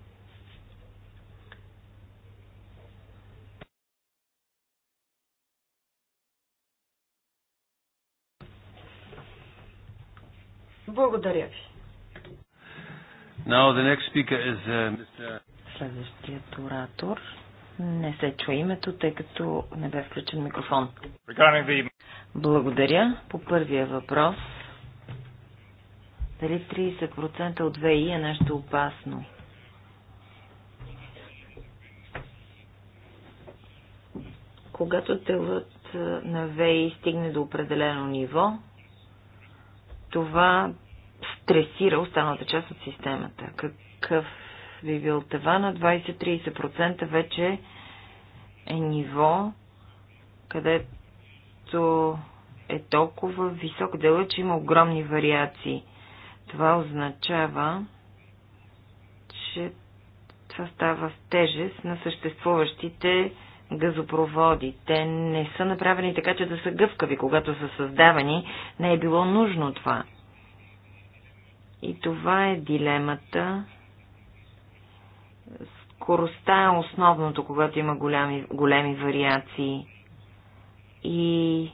Благодаря ви. Uh... Следващият оратор не се чу името, тъй като не бе включен микрофон. Благодаря. По първия въпрос. Дали 30% от ВИ е нещо опасно? Когато телът на ВИ стигне до определено ниво, това стресира останалата част от системата. Какъв би бил На 20-30% вече е ниво, където е толкова висок дела, че има огромни вариации. Това означава, че това става в тежест на съществуващите газопроводи. Те не са направени така, че да са гъвкави. Когато са създавани, не е било нужно това. И това е дилемата. Скоростта е основното, когато има голями, големи вариации. И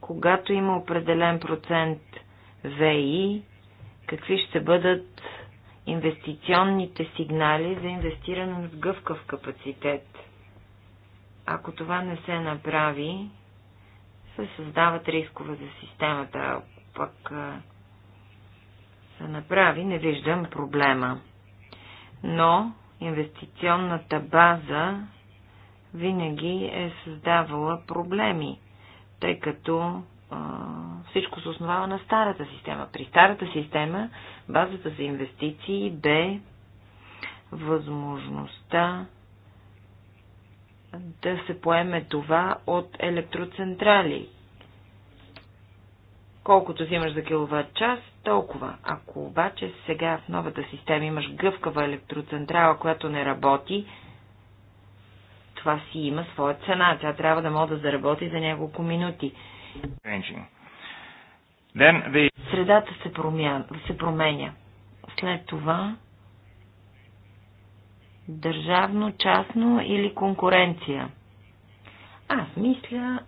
когато има определен процент ВИ, какви ще бъдат инвестиционните сигнали за инвестиране в гъвкав капацитет. Ако това не се направи, се създават рискове за системата, пък направи, не виждам проблема. Но инвестиционната база винаги е създавала проблеми, тъй като а, всичко се основава на старата система. При старата система базата за инвестиции бе възможността да се поеме това от електроцентрали. Колкото взимаш за киловатт час, толкова. Ако обаче сега в новата система имаш гъвкава електроцентрала, която не работи, това си има своя цена. Тя трябва да може да заработи за няколко минути. The... Средата се, промя... се променя. След това държавно, частно или конкуренция. Аз мисля,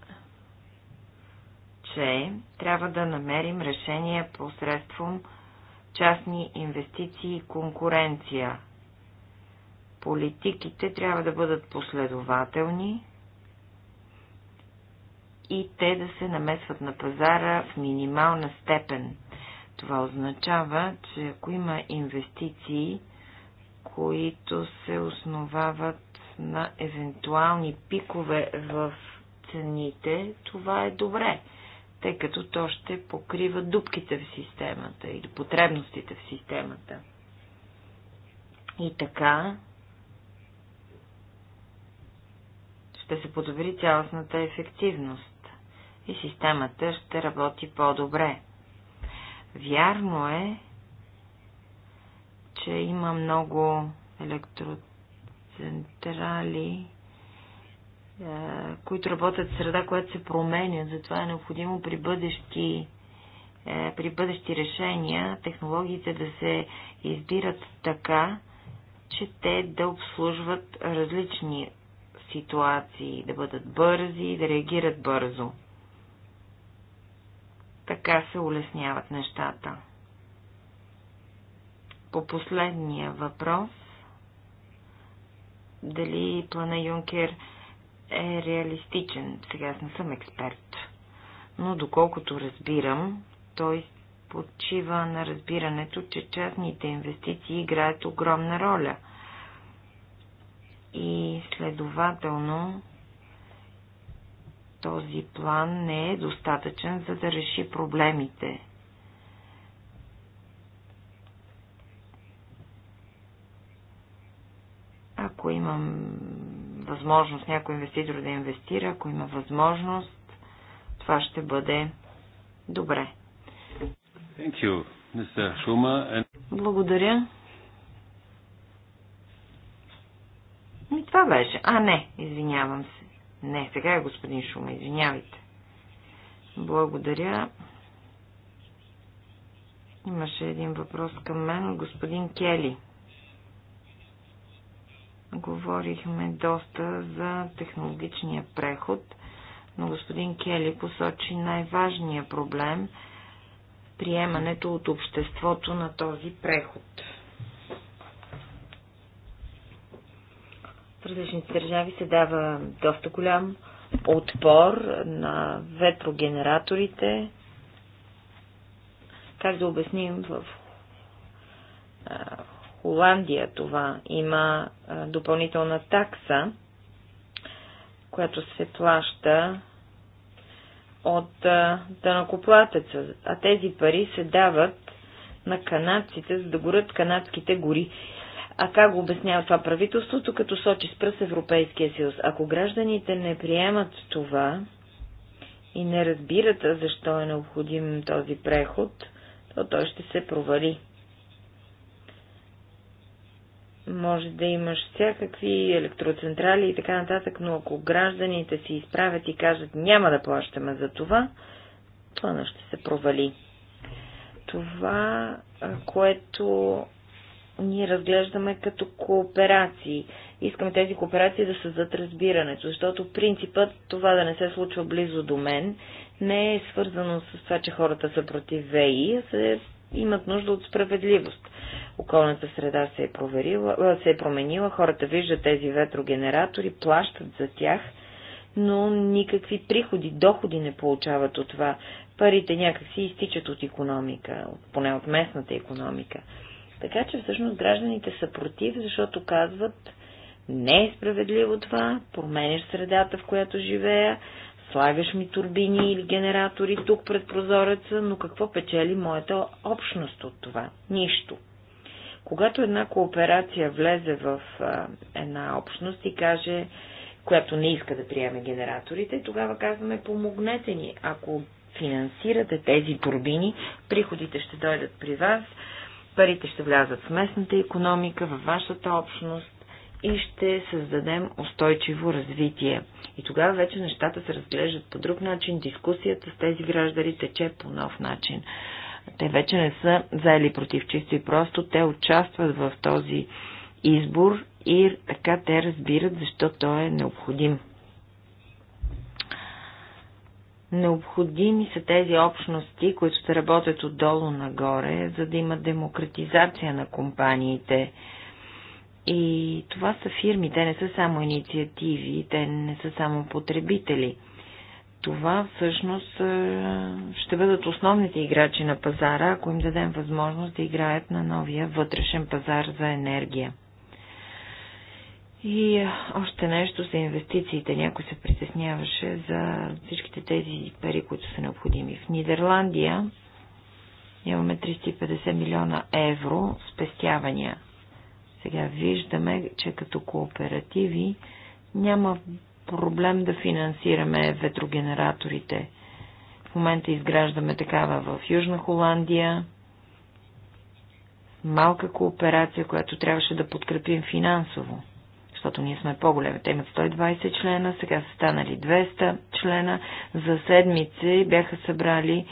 че трябва да намерим решение посредством частни инвестиции и конкуренция. Политиките трябва да бъдат последователни и те да се намесват на пазара в минимална степен. Това означава, че ако има инвестиции, които се основават на евентуални пикове в цените, това е добре тъй като то ще покрива дупките в системата или потребностите в системата. И така ще се подобри цялостната ефективност и системата ще работи по-добре. Вярно е, че има много електроцентрали, е, които работят в среда, която се променя. Затова е необходимо при бъдещи, е, при бъдещи решения технологиите да се избират така, че те да обслужват различни ситуации, да бъдат бързи и да реагират бързо. Така се улесняват нещата. По последния въпрос, дали плана Юнкер е реалистичен. Сега аз не съм експерт, но доколкото разбирам, той почива на разбирането, че частните инвестиции играят огромна роля. И следователно този план не е достатъчен, за да реши проблемите. Ако имам възможност някой инвеститор да инвестира, ако има възможност, това ще бъде добре. Thank you, Mr. Шума. Благодаря. И това беше. А, не, извинявам се. Не, сега е господин Шума, извинявайте. Благодаря. Имаше един въпрос към мен от господин Кели говорихме доста за технологичния преход, но господин Кели посочи най-важния проблем – приемането от обществото на този преход. В различните държави се дава доста голям отпор на ветрогенераторите. Как да обясним в Холандия това има допълнителна такса, която се плаща от данакоплатеца, а тези пари се дават на канадците, за да горят канадските гори. А как го обяснява това правителството, като сочи с пръст Европейския съюз? Ако гражданите не приемат това и не разбират защо е необходим този преход, то той ще се провали може да имаш всякакви електроцентрали и така нататък, но ако гражданите си изправят и кажат няма да плащаме за това, това ще се провали. Това, което ние разглеждаме като кооперации. Искаме тези кооперации да създадат разбирането, защото принципът това да не се случва близо до мен не е свързано с това, че хората са против ВИ, а се имат нужда от справедливост. Околната среда се е, проверила, се е променила, хората виждат тези ветрогенератори, плащат за тях, но никакви приходи, доходи не получават от това. Парите някакси изтичат от економика, поне от местната економика. Така че всъщност гражданите са против, защото казват, не е справедливо това, променяш средата, в която живея, слагаш ми турбини или генератори тук пред прозореца, но какво печели моята общност от това? Нищо. Когато една кооперация влезе в а, една общност и каже, която не иска да приеме генераторите, тогава казваме, помогнете ни. Ако финансирате тези турбини, приходите ще дойдат при вас, парите ще влязат в местната економика, във вашата общност и ще създадем устойчиво развитие. И тогава вече нещата се разглеждат по друг начин, дискусията с тези граждани тече по нов начин. Те вече не са за или против чисто и просто, те участват в този избор и така те разбират защо той е необходим. Необходими са тези общности, които се работят отдолу нагоре, за да има демократизация на компаниите и това са фирми, те не са само инициативи, те не са само потребители. Това всъщност е, ще бъдат основните играчи на пазара, ако им дадем възможност да играят на новия вътрешен пазар за енергия. И е, още нещо за инвестициите. Някой се притесняваше за всичките тези пари, които са необходими. В Нидерландия имаме 350 милиона евро спестявания сега виждаме, че като кооперативи няма проблем да финансираме ветрогенераторите. В момента изграждаме такава в Южна Холандия. Малка кооперация, която трябваше да подкрепим финансово, защото ние сме по-големи. Те имат 120 члена, сега са станали 200 члена. За седмици бяха събрали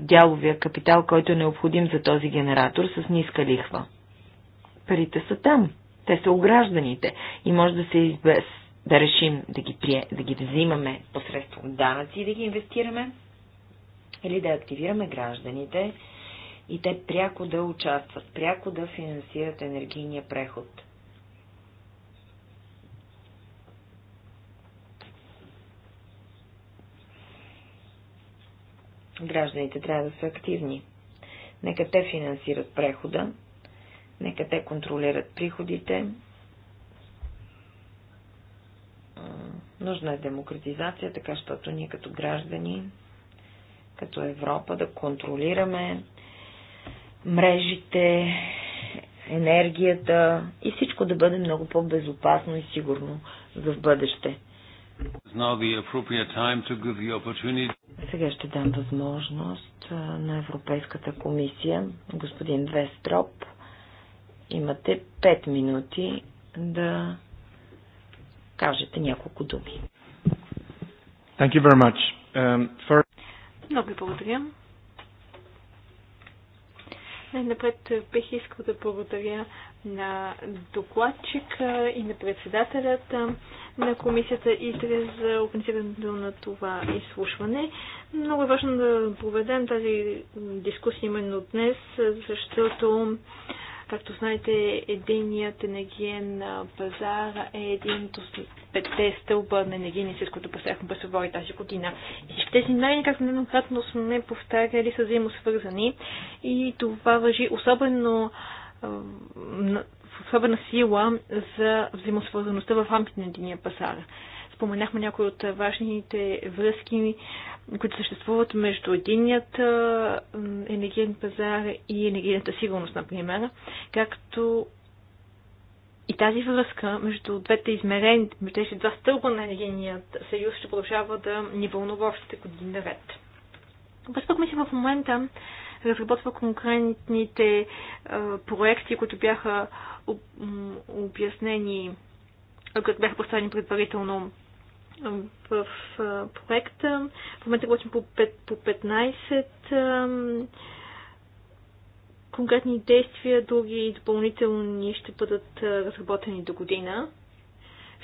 дяловия капитал, който е необходим за този генератор с ниска лихва. Парите са там. Те са огражданите. И може да се избез, да решим да ги, прие, да ги взимаме посредством данъци и да ги инвестираме, или да активираме гражданите и те пряко да участват, пряко да финансират енергийния преход. Гражданите трябва да са активни. Нека те финансират прехода, Нека те контролират приходите. Нужна е демократизация, така щото ние като граждани, като Европа, да контролираме мрежите, енергията и всичко да бъде много по-безопасно и сигурно за в бъдеще. Сега ще дам възможност на Европейската комисия, господин Вестроп, Имате 5 минути да кажете няколко думи. Thank you very much. Um, for... Много ви благодаря. Най-напред е, бих искал да благодаря на докладчика и на председателят на комисията ИТРЕ за организирането на това изслушване. Много е важно да проведем тази дискусия именно днес, защото Както знаете, единият енергиен пазар е един от петте стълба на енергийния с които посяхме през февруари тази година. Всички тези най както нееднократно сме повтаряли, са взаимосвързани и това въжи особено в особена сила за взаимосвързаността в рамките на единия пазар. Споменахме някои от важните връзки, които съществуват между единният енергиен пазар и енергийната сигурност, например, както и тази връзка между двете измерени, между тези два стълба на енергийният съюз ще продължава да ни вълнува още години наред. ми се в момента разработва конкретните а, проекти, които бяха обяснени, които бяха поставени предварително в проекта. В момента работим по, 5, по 15 конкретни действия, други допълнителни ще бъдат разработени до година.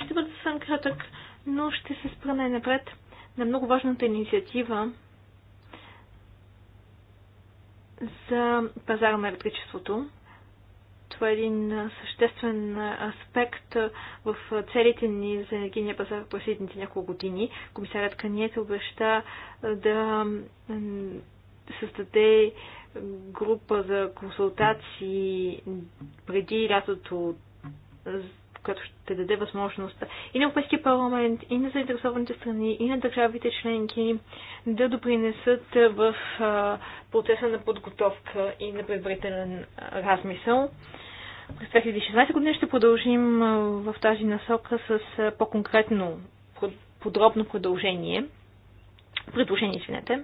Ще бъда съвсем кратък, но ще се спра най-напред на много важната инициатива за пазара на електричеството. Това е един съществен аспект в целите ни за енергийния пазар в последните няколко години. Комисарят Каниет обеща да създаде група за консултации преди лятото която ще даде възможност и на Европейския парламент, и на заинтересованите страни, и на държавите членки да допринесат в процеса на подготовка и на предварителен размисъл. През 2016 година ще продължим в тази насока с по-конкретно подробно продължение. Предложение, извинете.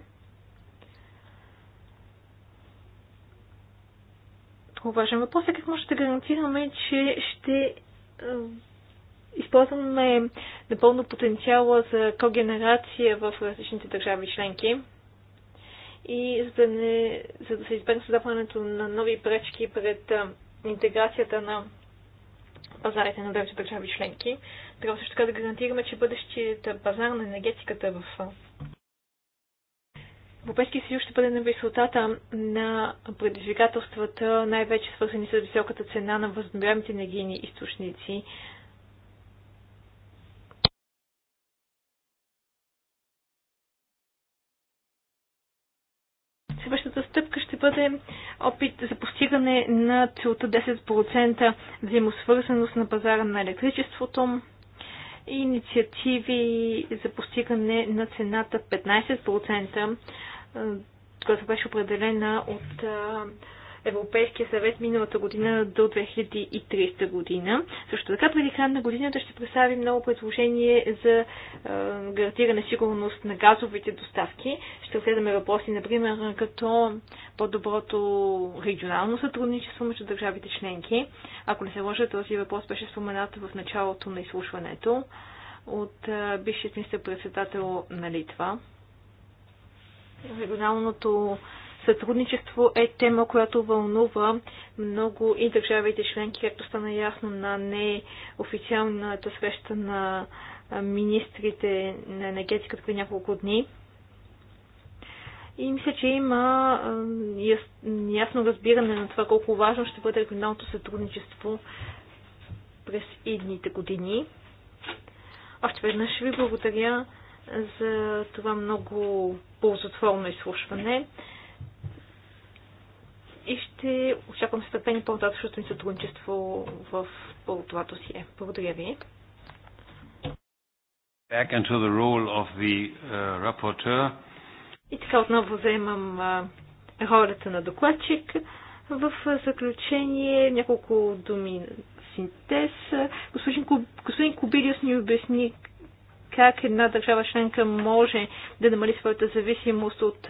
важен въпрос е как може да гарантираме, че ще е, използваме напълно потенциала за когенерация в различните държави членки и за да, не, за да се избегне създаването на нови пречки пред интеграцията на пазарите на отделните държави членки. Трябва също така да гарантираме, че бъдещият пазар на енергетиката в Европейския съюз ще бъде на висотата на предизвикателствата, най-вече свързани с високата цена на възобновяемите енергийни източници. Следващата стъпка ще бъде опит за постигане на целта 10% взаимосвързаност на пазара на електричеството и инициативи за постигане на цената 15% която беше определена от Европейския съвет миналата година до 2030 година. Също така преди края на годината ще представим ново предложение за е, гарантиране сигурност на газовите доставки. Ще отгледаме въпроси, например, като по-доброто регионално сътрудничество между държавите членки. Ако не се лъжа, този въпрос беше споменат в началото на изслушването от е, бившият министър-председател на Литва регионалното сътрудничество е тема, която вълнува много и държавите членки, както стана ясно на неофициалната среща на министрите на енергетиката при няколко дни. И мисля, че има ясно разбиране на това колко важно ще бъде регионалното сътрудничество през идните години. Още веднъж ви благодаря за това много ползотворно изслушване и ще очаквам с търпение по-нататъчното ни сътрудничество в това досие. Благодаря ви. Back into the role of the uh, И така отново вземам uh, ролята на докладчик. В заключение няколко думи синтез. Господин, Куб... господин Кубилиус ни обясни как една държава членка може да намали своята зависимост от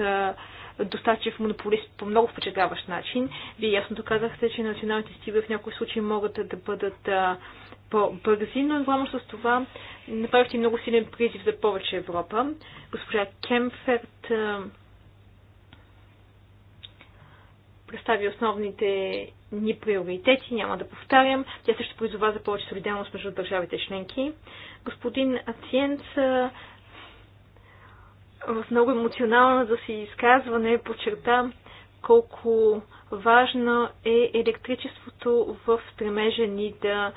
доставчив монополист по много впечатляващ начин. Вие ясно казахте, че националните стиви в някои случаи могат да бъдат по-бързи, но главно с това направихте много силен призив за повече Европа. Госпожа Кемферт представи основните ни приоритети, няма да повтарям. Тя също призова за повече солидарност между държавите членки. Господин Ациенц в много да си изказване подчерта колко важно е електричеството в стремежа ни да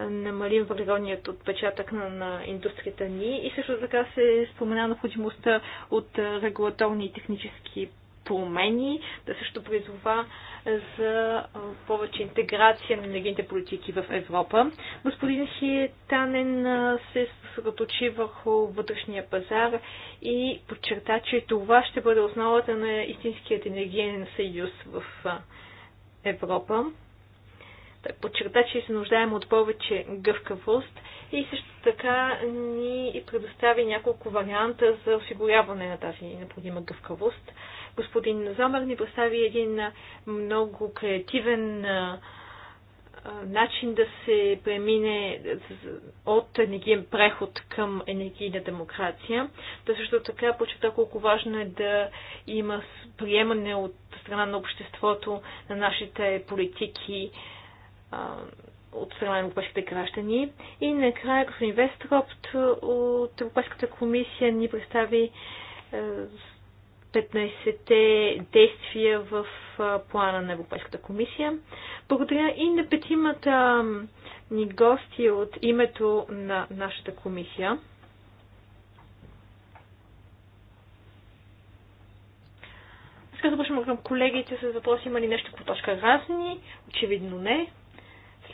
намалим въглеродният отпечатък на, на индустрията ни и също така се спомена необходимостта от регулаторни и технически промени, да също призова за повече интеграция на енергийните политики в Европа. Господин Хиетанен се съсредоточи върху вътрешния пазар и подчерта, че това ще бъде основата на истинският енергиен съюз в Европа подчерта, че се нуждаем от повече гъвкавост и също така ни предостави няколко варианта за осигуряване на тази необходима гъвкавост. Господин Зомер ни представи един много креативен начин да се премине от енергиен преход към енергийна демокрация. Да също така почета колко важно е да има приемане от страна на обществото на нашите политики от страна на европейските граждани. И накрая господин Вестроп от Европейската комисия ни представи 15-те е, действия в плана на Европейската комисия. Благодаря и на петимата ни гости от името на нашата комисия. Сега започваме към колегите с въпроси има ли нещо по точка разни. Очевидно не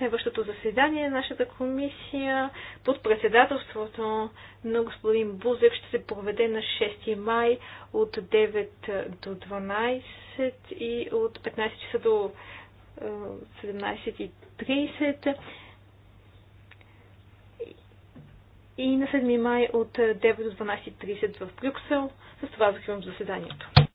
следващото заседание на нашата комисия под председателството на господин Бузев ще се проведе на 6 май от 9 до 12 и от 15 часа до 17.30 е, и на 7 май от 9 до 12.30 в Брюксел. С това закривам заседанието.